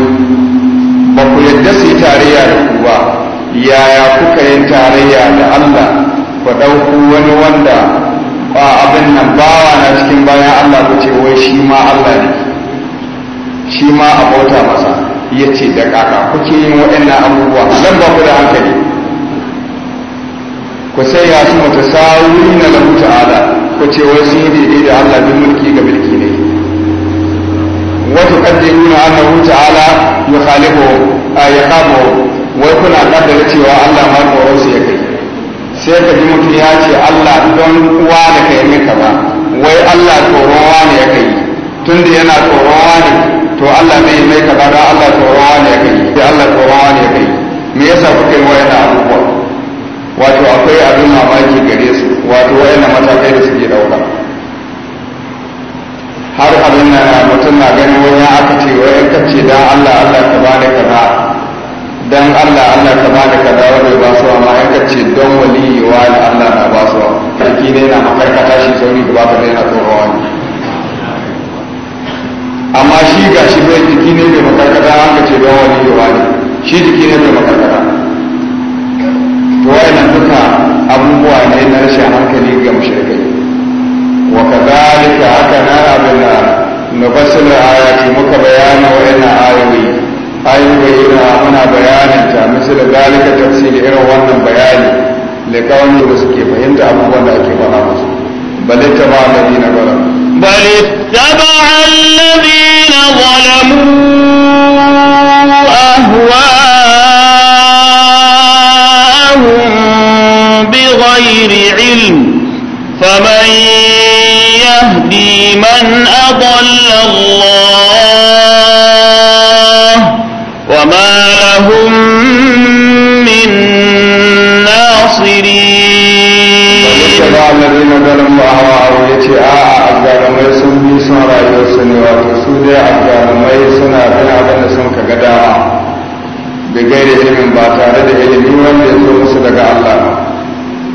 ba ku yadda su yi tarayya da ku ba yaya kuka yin tarayya da Allah ku ɗauku wani wanda ba abin nan bawa na cikin bayan Allah ku ce wai shi ma Allah ne shi ma a masa ya ce da kaka kuke yin waɗannan abubuwa nan ba ku da hankali ku sai ya su mata wuri na lahu ta'ala ku ce wai sun yi daidai da Allah bin mulki ga mulki tuqaddiruna annahu ta'ala yukhalifu ayyabu wai kuna kaddara cewa Allah ma tsoron su ya kai sai ka ji mutum ya ce Allah don uwa kai ne ka wai Allah tsoron wani ya kai tunda yana tsoron wani to Allah zai mai ka ba don Allah tsoron wani ya kai sai Allah tsoron wani ya kai me yasa kuka yi wayan abubuwa wato akwai abin mamaki gare su wato mata matakai da suke ɗauka. har abin nan mutum na ganin wani aka ce wai ka ce dan Allah Allah ka ba da kaza dan Allah Allah ka ba da kaza wanda ba su amma ya ka ce don wali wa Allah na ba su sarki ne na makarkata shi sauri ba ta daina na wani amma shi ga shi bai jiki ne mai makarkata an ka ce don wani yawa ne shi jiki ne mai makarkata nan duka abubuwa ne na rashin hankali ga mashirkai wa ka zalika haka na abin na fasil ayati muka bayana yana ayoyi ayoyi na muna bayanin ta misal zalika tafsiri irin wannan bayani da kawai da suke fahimta abubuwan da ake faɗa musu ba da bal ittaba alladhina zalamu bal ittaba alladhina zalamu ahwa'ahum بغير علم فمن يهدي من أضل الله وما لهم من ناصرين الذين ظلموا أهواءهم يتي آه الظالمين سن بي سن رايو سن واتو سودة الظالمين سن أبن أبن سن كقدا بغير علم باتارد علمي وانده سوى سدق الله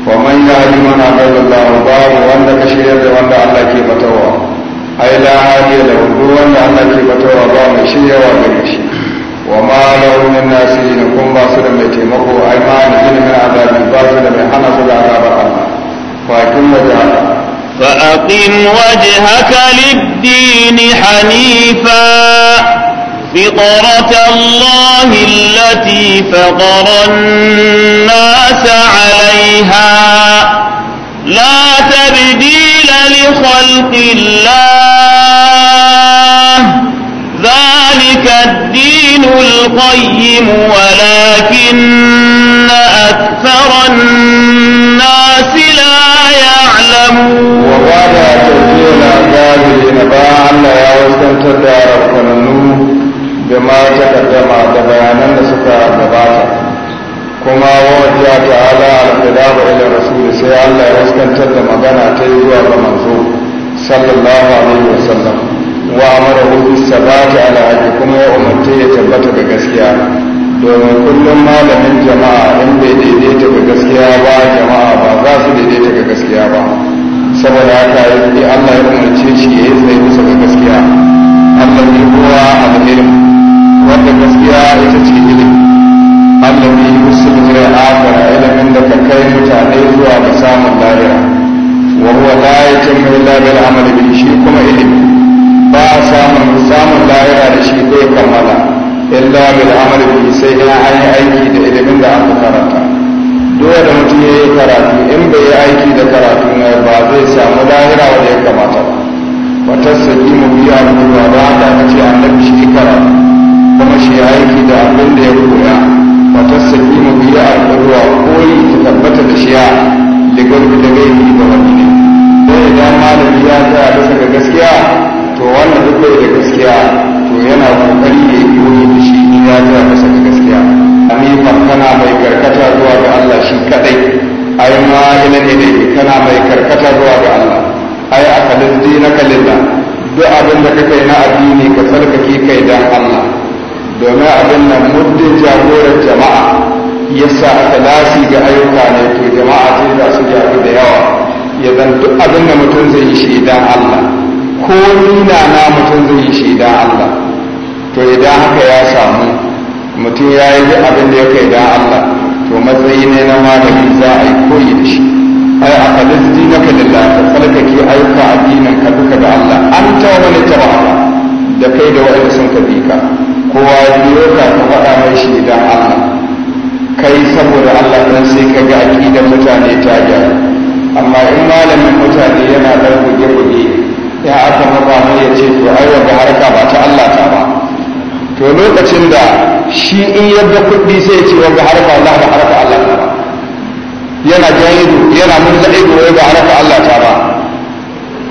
ومن يهدي من أضل الله باب وانده كشير وانده الله كيف ai la hadiya da hudu wanda Allah ke batawa ba mai shiryawa gare shi wa ma lahu min nasirin kun ba su da mai taimako ai ma ni ilimin azabi ba su da mai hana su da azabar Allah fakin wajen فأقم وجهك للدين حنيفا فطرة الله التي فطر الناس عليها لا تبديل لخلق الله ذلك الدين القيم ولكن أكثر الناس لا يعلمون وقال تقول أكابرين فأعلى يا وسلم تدارك النور بما تقدم بيانا سكا كما وجه تعالى على الخلاف إلى رسول sai Allah ya fuskantar da magana ta yi zuwa ga manzo sallallahu alaihi wasallam wa amara bi sabati ala kuma ya umarce ya tabbata da gaskiya domin kullum malamin jama'a in bai daidaita ga gaskiya ba jama'a ba za su daidaita ga gaskiya ba saboda haka yi Allah ya umarce shi ya yi zai kusa ga gaskiya Allah ne kowa alhirin wanda gaskiya ita ce ilimi allazi yusul zai akara ilimin da ka kai mutane zuwa ga samun lariya wa huwa la yatimmu illa bil amali shi kuma ilimi ba a samun samun lariya da shi kai kamala, illa bil amali sai ina an yi aiki da ilimin da aka karanta dole da mutum ya yi karatu in bai yi aiki da karatu na ba zai samu lahira wanda ya kamata ba wata sabi mu biya mu ba da aka ce annabi shi karatu kuma shi aiki da abin da ya koya fatassakimu bihi al ko koyi ta tabbata da shiya da gurbi da gairi ga wani ne sai idan malami ya ta bisa ga gaskiya to wanda duk da gaskiya to yana kokari ya yi koyi da shi ni ya tsaya bisa ga gaskiya hanifan kana mai karkata zuwa ga Allah shi kadai ai ma ne ne kana mai karkata zuwa ga Allah ai akalin dinaka lillah duk abin da kake na addini ka tsarkake kai dan Allah domin abin nan muddin jagorar jama'a ya sa aka dasi ga ayyuka ne to jama'a sai za su gyaru da yawa ya zan duk abin da mutum zai yi shaidan Allah ko nuna na mutum zai yi shaidan Allah to idan haka ya samu mutum ya yi duk abin da ya kai dan Allah to matsayi ne na malami za a yi koyi da shi ai a kalis dinaka da ka tsarkake ayyuka addinin ka duka da Allah an ta wani jama'a da kai da wa'anda sun ka bi ka kowa biyo ka ka faɗa mai shi idan Allah kai saboda Allah dan sai ka ga aƙidar mutane ta gyaru amma in malamin mutane yana ɗan buge-buge ya aka maɓa mai ya ce to ai wanda harka ba ta Allah ta ba to lokacin da shi in yadda kuɗi sai ce wanda harka Allah ba harka Allah ta ba yana jahidu yana murza ido wanda harka Allah ta ba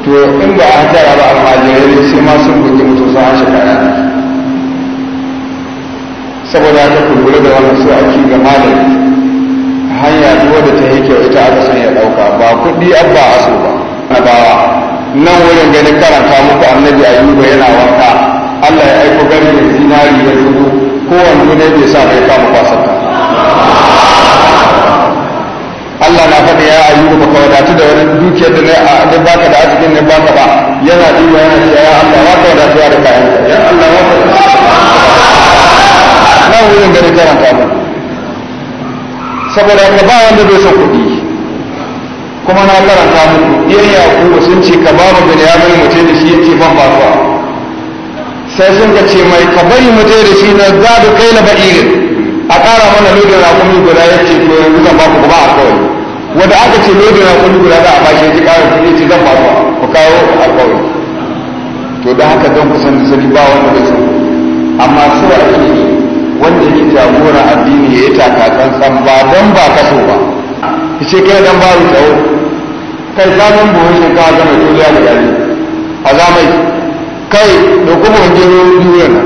to in ba a hatara ba amma jahidu sai ma sun buge mutu sun hashe kayan saboda haka ku da da wannan a ake gama da hanya duk wadda ta yake ita aka son ya dauka ba kuɗi an ba a so ba na bawa nan wurin ganin karanta muku annabi ayyuba yana wanka Allah ya aiko gari da zinari da dubu kowane ne bai sa bai kama kwasanta Allah na faɗi ya ba ka wadatu da wani dukiyar da na baka da arzikin ne baka ba yana duba yana ce ya Allah baka wadatu da kayan ya saboda ka ba wanda bai son kuɗi kuma na karanta muku yan yakubu sun ce ka ba mu bin yamin mu da shi yace ban ba ba sai sun ka ce mai ka bari mu da shi na zabi kai na ba'irin a ƙara mana lodin kuma guda yace ko yanzu zan ba ku ba a kawai wanda aka ce lodin kuma guda za a ba shi yace ƙara kuɗi yace zan ba ku ku kawo a kawai to da haka don kusan da sani ba wanda bai son amma su a wanda yake jagora addini ya yi takakan san ba don ba kaso ba ki ce kai dan babu tsawo kai sabon buhun shekara zama tuliya da gari a zamai kai ɗauki buhun gero biyu na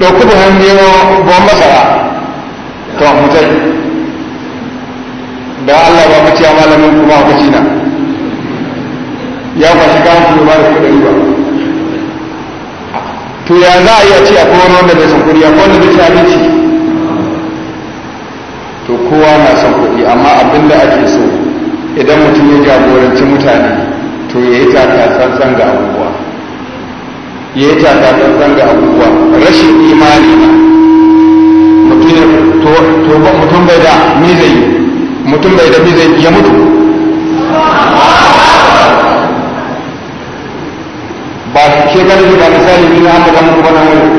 ɗauki buhun gero buhun masara to mutai da Allah ba maciya malamin kuma a kucina ya kwashi kayan kuma ba da kuɗin to ya za a iya ce a kowane wanda bai san kuɗi akwai wanda bai san abinci to kowa na son kuɗi amma abin da ake so idan mutum ya jagoranci mutane to ya yi taka tsantsan ga abubuwa ya yi taka tsantsan ga abubuwa rashin imani na mutum bai da mizai mutum bai da mizai ya mutu shekaru da misali ni an aka mun wannan wani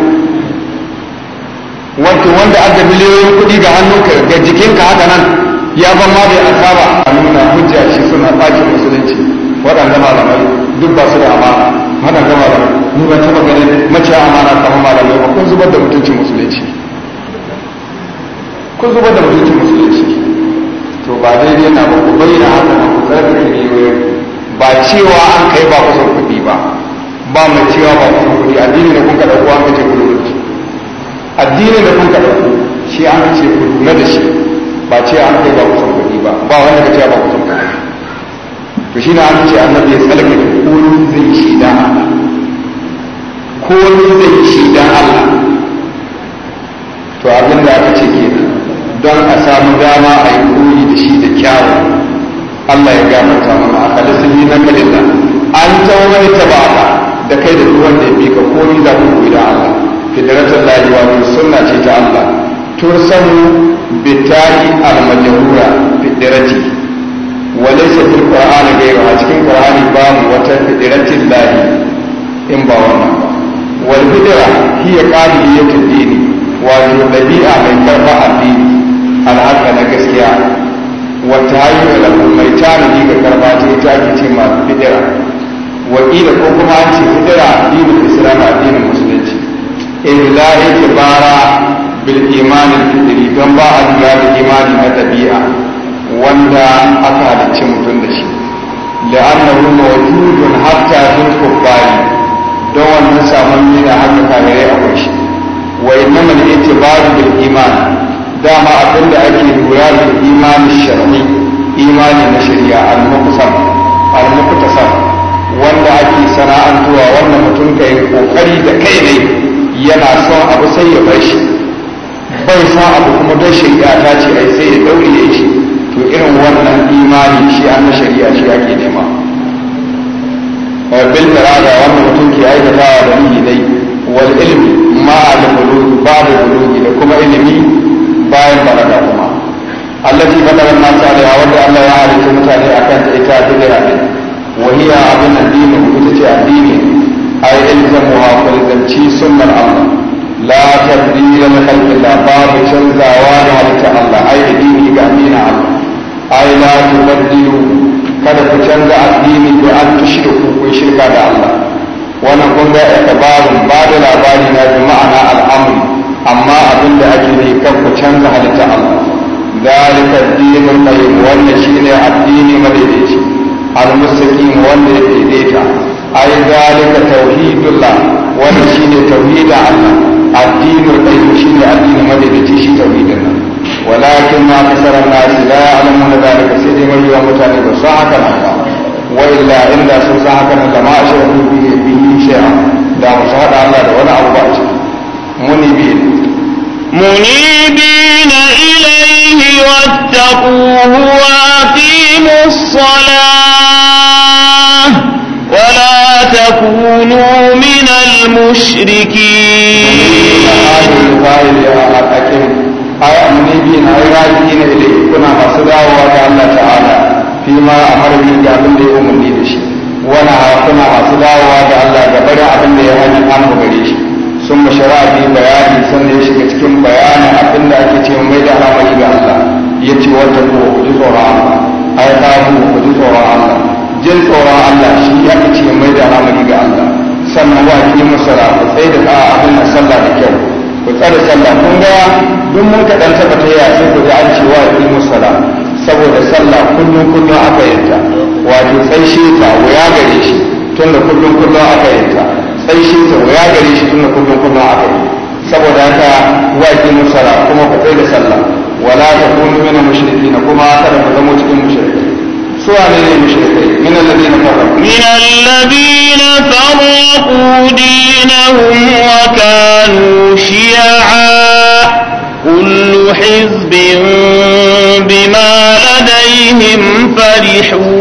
wato wanda aka miliyoyin kuɗi ga hannu ga ka haka nan ya ban ma bai asaba a hujja shi suna baki musulunci waɗanda malamai duk ba su da amana gama malamai ni ban taɓa ganin mace amana kuma malamai ba kun zubar da mutuncin musulunci kun zubar da mutuncin musulunci to ba daidai na ba ku bayyana haka na ku zarga ne ba cewa an kai ba kusa ba mai cewa ba kuma kuɗi addini da kun ka ɗauko an kace kuɗi kuɗi addini da kun ka ɗauko shi an kace ku lura da shi ba ce an kai ba kusan kuɗi ba ba wanda ka ce ba kusan kuɗi to shi na an ce annabi ya tsalke komi zai yi shi dan Allah komi zai yi shi dan Allah to abin da aka ce ke don a samu dama a yi koyi da shi da kyawu Allah ya gafarta mana a kalisin yi na kalilla an tawo wani tabaka da kai da ruwan da ya fi ka koyi za ku koyi da Allah fidratul lahi sunna ce ta Allah tursamu bitai al-majrura fidrati wa laysa fil qur'an ghayru a cikin qur'ani ba mu wata fidratul lahi in ba wannan wal bidra hiya qadiyatul dini wato dabi'a mai karba addini al'ada na gaskiya wata hayyar mai tanadi ga ce ta ce ma bidira wakila ko kuma an ce hijira addinin islam addinin musulunci la yake bara bil imani fitri don ba a lura da imani na tabi'a wanda aka halicci mutum da shi la'annahu mawjudun hatta fil kuffari don wannan saman hannu kamere kare akwai shi wa innama yake itibaru bil iman dama abinda ake lura da imani shar'i imani na shari'a al-muqtasab al wanda ake sana'antuwa wannan mutum ka yi kokari da kai ne yana son abu sai ya bar shi bai sa abu kuma don shari'a ta ce ai sai ya daure ya shi to irin wannan imani shi an na shari'a shi ake nema eh, bil irada wanda mutum ke aikatawa da ni dai wal ilmi ma da al ba da bulugi da kuma ilimi bayan balaga kuma allati balaga ma ta da wanda Allah ya halitta mutane akan ita da wahiya abin addini ita ce addini ai ilzamu wa kullanci sunnar Allah la tabdila li canzawa da halitta Allah ai addini ga addini Allah ai la tubaddilu kada ku canza addini da an tushriku ku shirka da Allah Wani kun ga ikabarin ba da labari na bi ma'ana al'amri amma abin da ake ne kan ku canza halitta Allah dalika addinin qayyim wannan shine addini madaidaici al-mustaqim wanda ya daidaita ai zalika tauhidullah wannan shine tauhidin Allah addinul qayyim shine addinin madaidaici shi tauhidin nan walakin ma kasara nas la ya'lamuna zalika sai dai mai mutane ba su haka nan ba wa illa inda sun san haka nan da ma ashraku bihi da musu da wani abu ba ce منيبين إليه واتقوه وأقيموا الصلاة ولا تكونوا من المشركين أي منيبين أي راجعين إليه كنا مصدر وجه الله تعالى فيما أمر به قبل يوم النبي wani kuna masu dawowa da Allah da bari abin da ya hana an gare shi sun masharafi bayani sannan ya shiga cikin bayanin abinda ake ce mai da hamari ga Allah ya ce wata ko ku ji tsoron Allah ai kawo ku ji tsoron Allah jin tsoron Allah shi ya ce mai da hamari ga Allah sannan wa ki masara ku tsaye da ka abin da sallah da kyau ku tsare sallah kun ga duk mun ka dan taba tayya sai ku ji an ce wa ki masara saboda sallah kullum kullum aka yanta wato tsaishe ta wuya gare shi tunda kullum kullum aka yanta tsaishe ta wuya gare shi tunda kullum من الذين فرقوا دينهم وكانوا شيعا كل حزب بما لديهم فرحوا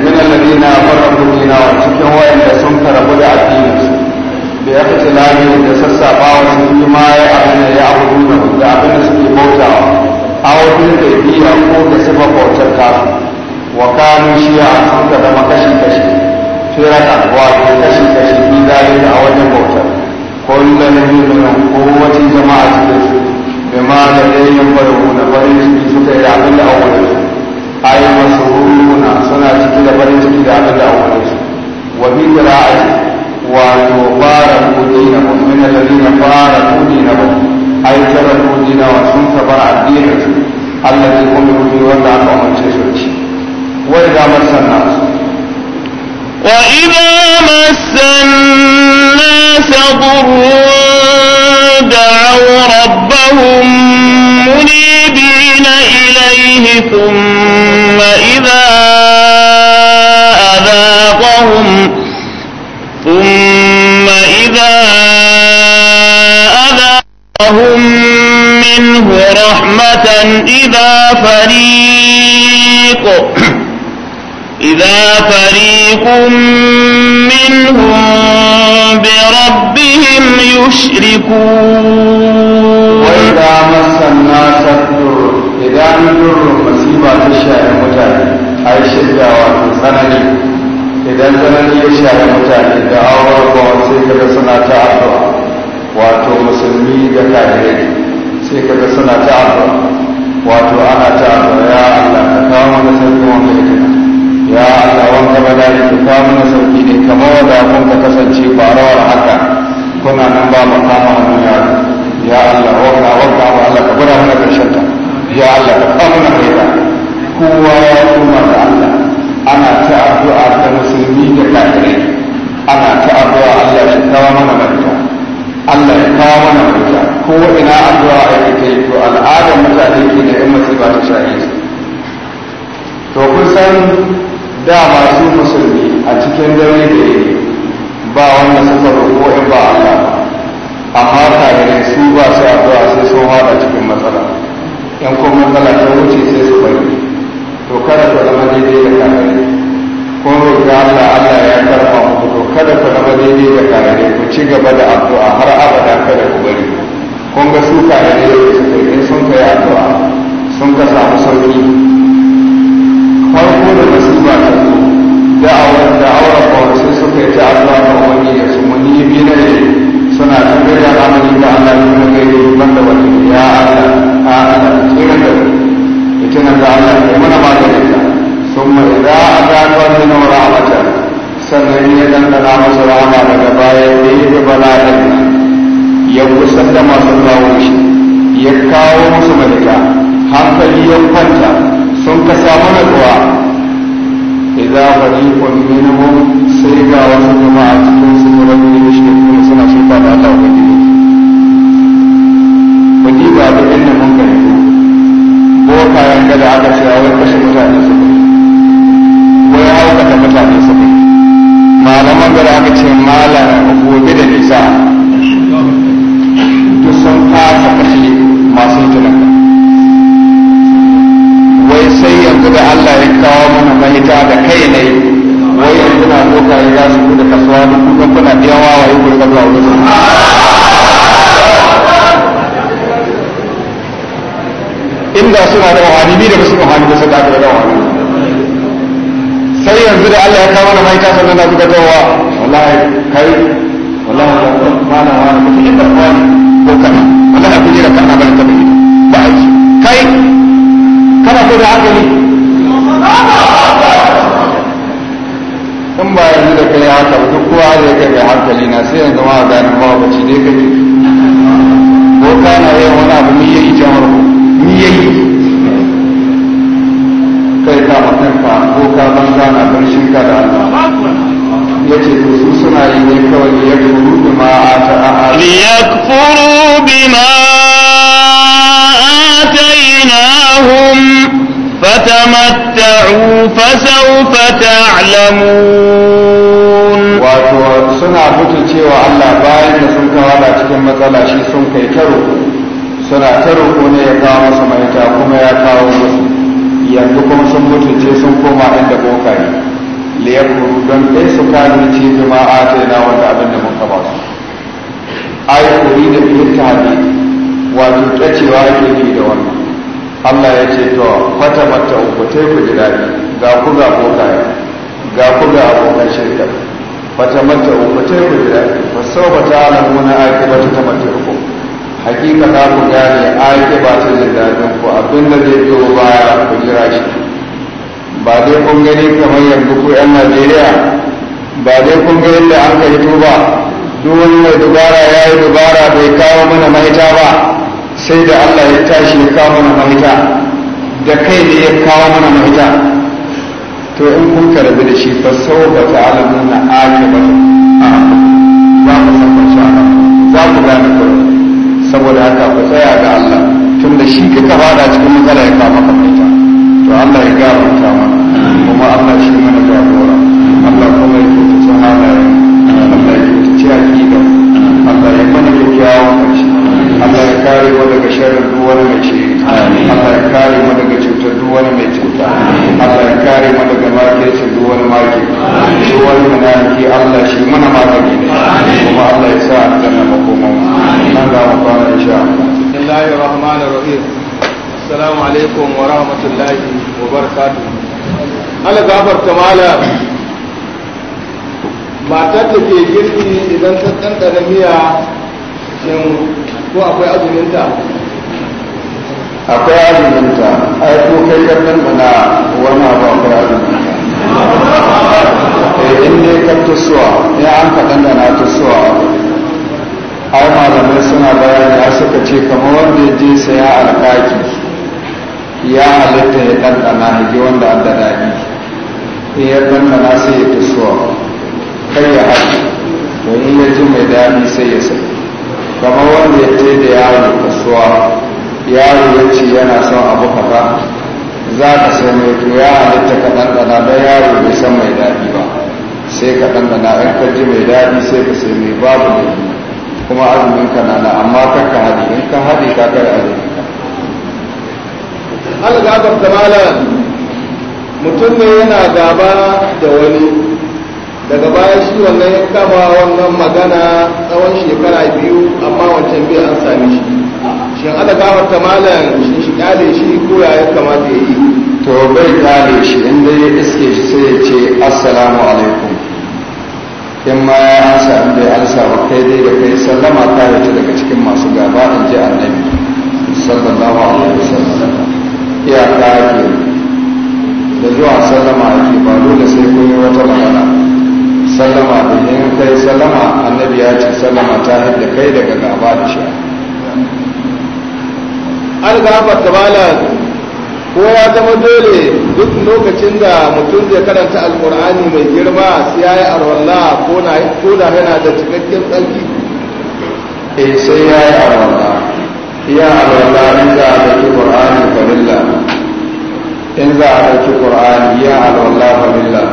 من الذين فرقوا دينا وشكوا سمت ربدع الدين بإخسلاله جسسا باو سنجما يأبن يعبدونه يأبن سنجموتا أو بنت إبيا قوت سبب وشكاته wa kanu shi'a sun ka zama kashi kashi firata wato kashi kashi bi zalika a wajen bautar ko yi ganin yin ko wace jama'a cikin su bai ma da ɗayan barhu na farin ciki suka yi da abin da awalin ayi masu ruruna suna ciki da farin ciki da abin da awalin su wa bi qira'ati wato fara kudina min alladhina fara kudina ba ai tara kudina wa sun tabar addinin su Allah ya kuma yi wanda aka umarce su ci وإذا مس الناس وإذا مس الناس ضر دعوا ربهم منيبين إليه ثم إذا أذاقهم ثم إذا أذاقهم منه رحمة إذا فريق إذا فريق منهم بربهم يشركون وإذا مس الناس الضر إذا الضر مصيبة تشاء المتاني أي شدة وتسنني إذا سنني يشاء المتاني دعوا ربهم سيكا سنة تعفر واتو مسلمي دكاهرين سيكا سنة تعفر واتو أنا تعفر يا الله كامل سنة ya Allah wanda ba da yake kawo na sauki ne kamar wanda kun ka kasance farawar haka kuna nan ba mu kama hannu ya ya Allah wanda wanda ba Allah ka gura mana karshen ta ya Allah ka kawo na kai da kowa ya kuma da Allah ana ta addu'a ta musulmi da kafirai ana ta addu'a Allah ya kawo mana mafita Allah ya kawo mana mafita ko ina addu'a ake kai to al'adar mutane ke da yan ba ta shahi to kun san da masu musulmi a cikin dare da yake ba wanda suka ko in ba Allah amma yi su ba su addu'a sai sun hada cikin matsala Yan kuma matsala ta wuce sai su bari to kada ka zama daidai da kare ko roƙa Allah Allah ya karɓa muku to kada ka zama daidai da kare ku ci gaba da addu'a har abada kada ku bari kun ga su kayan da yake sun kai addu'a sun ka samu sauki farko da masifa ta zo da'awar da'awar kawarsu suka yi ta'addu'a ga ubangiji su muni bi na ne suna tambayar da amali da Allah ne na gaire ban da wani ya Allah a Allah tsira da fitina da Allah ne mana maganin ta sun mai a ma na azaba a rahmatan sannan ya dandana masa rama daga baya da yi da bala'in ya kusan da masu kawo shi ya kawo musu malika hankali ya kwanta سوٹ سامان یہاں مینم سیو آج کم سے سنة شيطان بات آپ sai ku jira fa sau ba ta alamuna akiba ta tamattu hakika za ku gane ba ta jin daɗin ku abin da zai biyo ya ku jira shi ba dai kun gani kamar yanzu ku yan najeriya ba dai kun gani da an kai tuba duk wani mai dubara ya yi dubara bai kawo mana mahita ba sai da allah ya tashi ya kawo mana mahita da kai ne ya kawo mana mahita to in kun karbi da shi fa sau ba ta alamuna akiba ta ba mu san kun sha za ku gane kawai saboda haka ku tsaya ga Allah tun da shi ka kafa da cikin matsala ya kama ka fita to Allah ya gafarta ma kuma Allah shi mana jagora Allah kuma ya kuta sahalayen Allah ya kuta ciyaki da Allah ya mana kyakkyawan ƙarshe Allah ya kare mu daga sharrin duk wani shi Allah ya kare mu daga wani mai cuta Allah ya kare mu daga makircin duk wani makir shi wani munafiki Allah shi mana magani ne kuma Allah ya sa aljanna makoma nan za mu fara insha Allah wa rahmatullahi wa Allah mala da ke girki idan ta ɗanɗana miya shin ko akwai azumin akwai azuminta ai ko kai ka tumbuna wani abu akwai azuminta eh in dai ka tusuwa in an faɗan da na tusuwa ai malamai suna bayani ya suka ce kamar wanda ya je saya alkaki ya halitta ya ɗanɗana ji wanda an da daɗi in ya ɗanɗana sai ya tusuwa kai ya haɗu wani in ya ji mai daɗi sai ya sai kamar wanda ya ce da yawon kasuwa yaro ya ce yana son abu kaza za ka sai mai to ya halitta ka ɗanɗana don yaro bai san mai daɗi ba sai ka ɗanɗana in ka ji mai daɗi sai ka sai mai babu mai kuma azumin ka nana amma kan ka haɗe in ka haɗe ka kai azumin ka. an ga malam mutum ne yana gaba da wani daga baya shi wannan ya kama wannan magana tsawon shekara biyu amma wancan bai an sami shi shin ala gafarta malam shi shi kale shi ko ya kamata ya yi to bai kale shi in dai ya iske shi sai ya ce assalamu alaikum in ma ya ansa in bai ansa ba kai dai da kai sallama ta yace daga cikin masu gaba in ji annabi sallallahu alaihi wasallam ya kare da zuwa sallama ake ba dole sai kun yi wata magana sallama da yin kai sallama annabi ya ce sallama ta yadda kai daga gaba da shi algafar tabalan ko ya zama dole duk lokacin da mutum zai karanta alkur'ani mai girma sai ya yi arwallah ko da yana da cikakken tsarki eh sai ya yi arwallah iya arwallah in za a ɗauki ƙur'ani familla in za a ɗauki ƙur'ani ya fa familla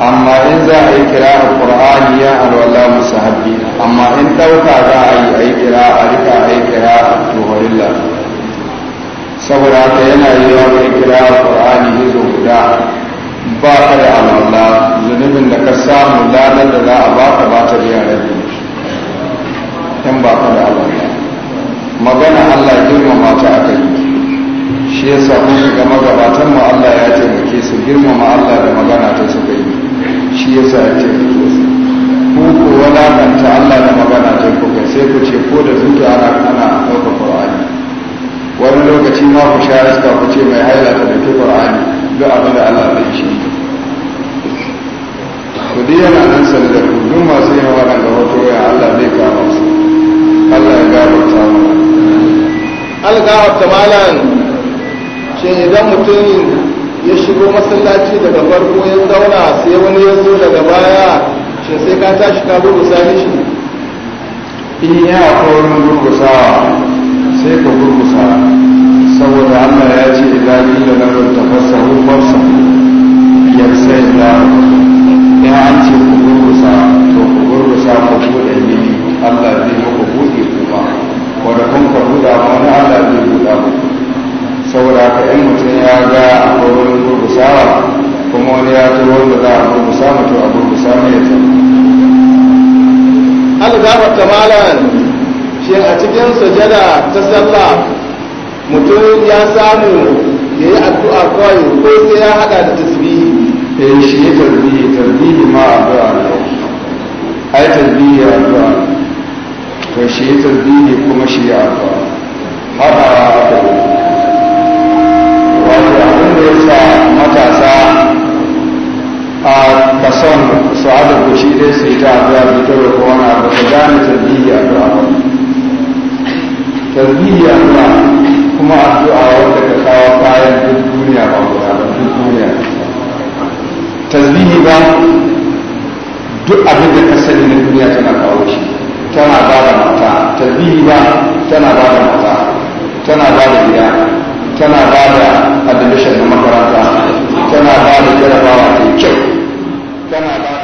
amma in za a yi kira a ƙur'ani ya alwala musahabi amma in ɗauka za a yi a yi kira a rika a yi saboda haka yana yi wa mai kira a ƙur'ani hizo guda ba ka da alwala zunubin da ka samu ladar da za a baka ba ta biya rabi in ba ka da alwala magana Allah girmama ta aka yi shi yasa kun ga magabatan mu Allah ya taimake su girmama Allah da magana ta su shi ya sa ce ku ku ku wadanta Allah da magana ta ku kai sai ku ce ko da zuciya ana kana ɗaukar Qur'ani wani lokaci ma ku share iska ku ce mai haila da ke Qur'ani duk abin da Allah zai shi ku dai yana nan sanda ku duk masu yin waɗanda hoto ya Allah zai kama su Allah ya gafarta ta Allah gafarta malan shi idan mutum ya shigo masallaci daga farko ya zauna sai wani ya zo daga baya shi sai ka tashi ka gurgusa shi in yana kaurin gurgusawa sai ka gurgusa saboda allah ya ce idan kila na tafasa ta yarsa da ya an ce ku gurgusa to ku sa ku buɗe mini allah zai muku bude kuma wadda kun ka buɗa ma allah zai buɗa ku saboda haka in mutum ya ga akwai wurin gurgusawa kuma wani ya turo wanda za a gurgusa mutu a gurgusa mai yata zama ta kamalan shi a cikin sajada ta sallah mutum ya samu ya yi addu'a kawai ko sai ya hada da tasbihi yi eh, shi ya tarbi tasbihi ma a addu'a ai tasbihi addu'a to shi tasbihi kuma shi a haka hada wanda abin ya sa matasa a kason su haɗa kushi dai su yi ta addu'a da ta gane tarbiyya ba tarbiyya kuma addu'a wanda ka kawo kayan duk duniya ba guda ba duk duniya tasbihi ba duk abin da ka sani na duniya tana kawo shi tana ba da mata ba tana ba da mata tana ba da gida tana ba da admission na makaranta tana ba da jarabawa mai kyau tana ba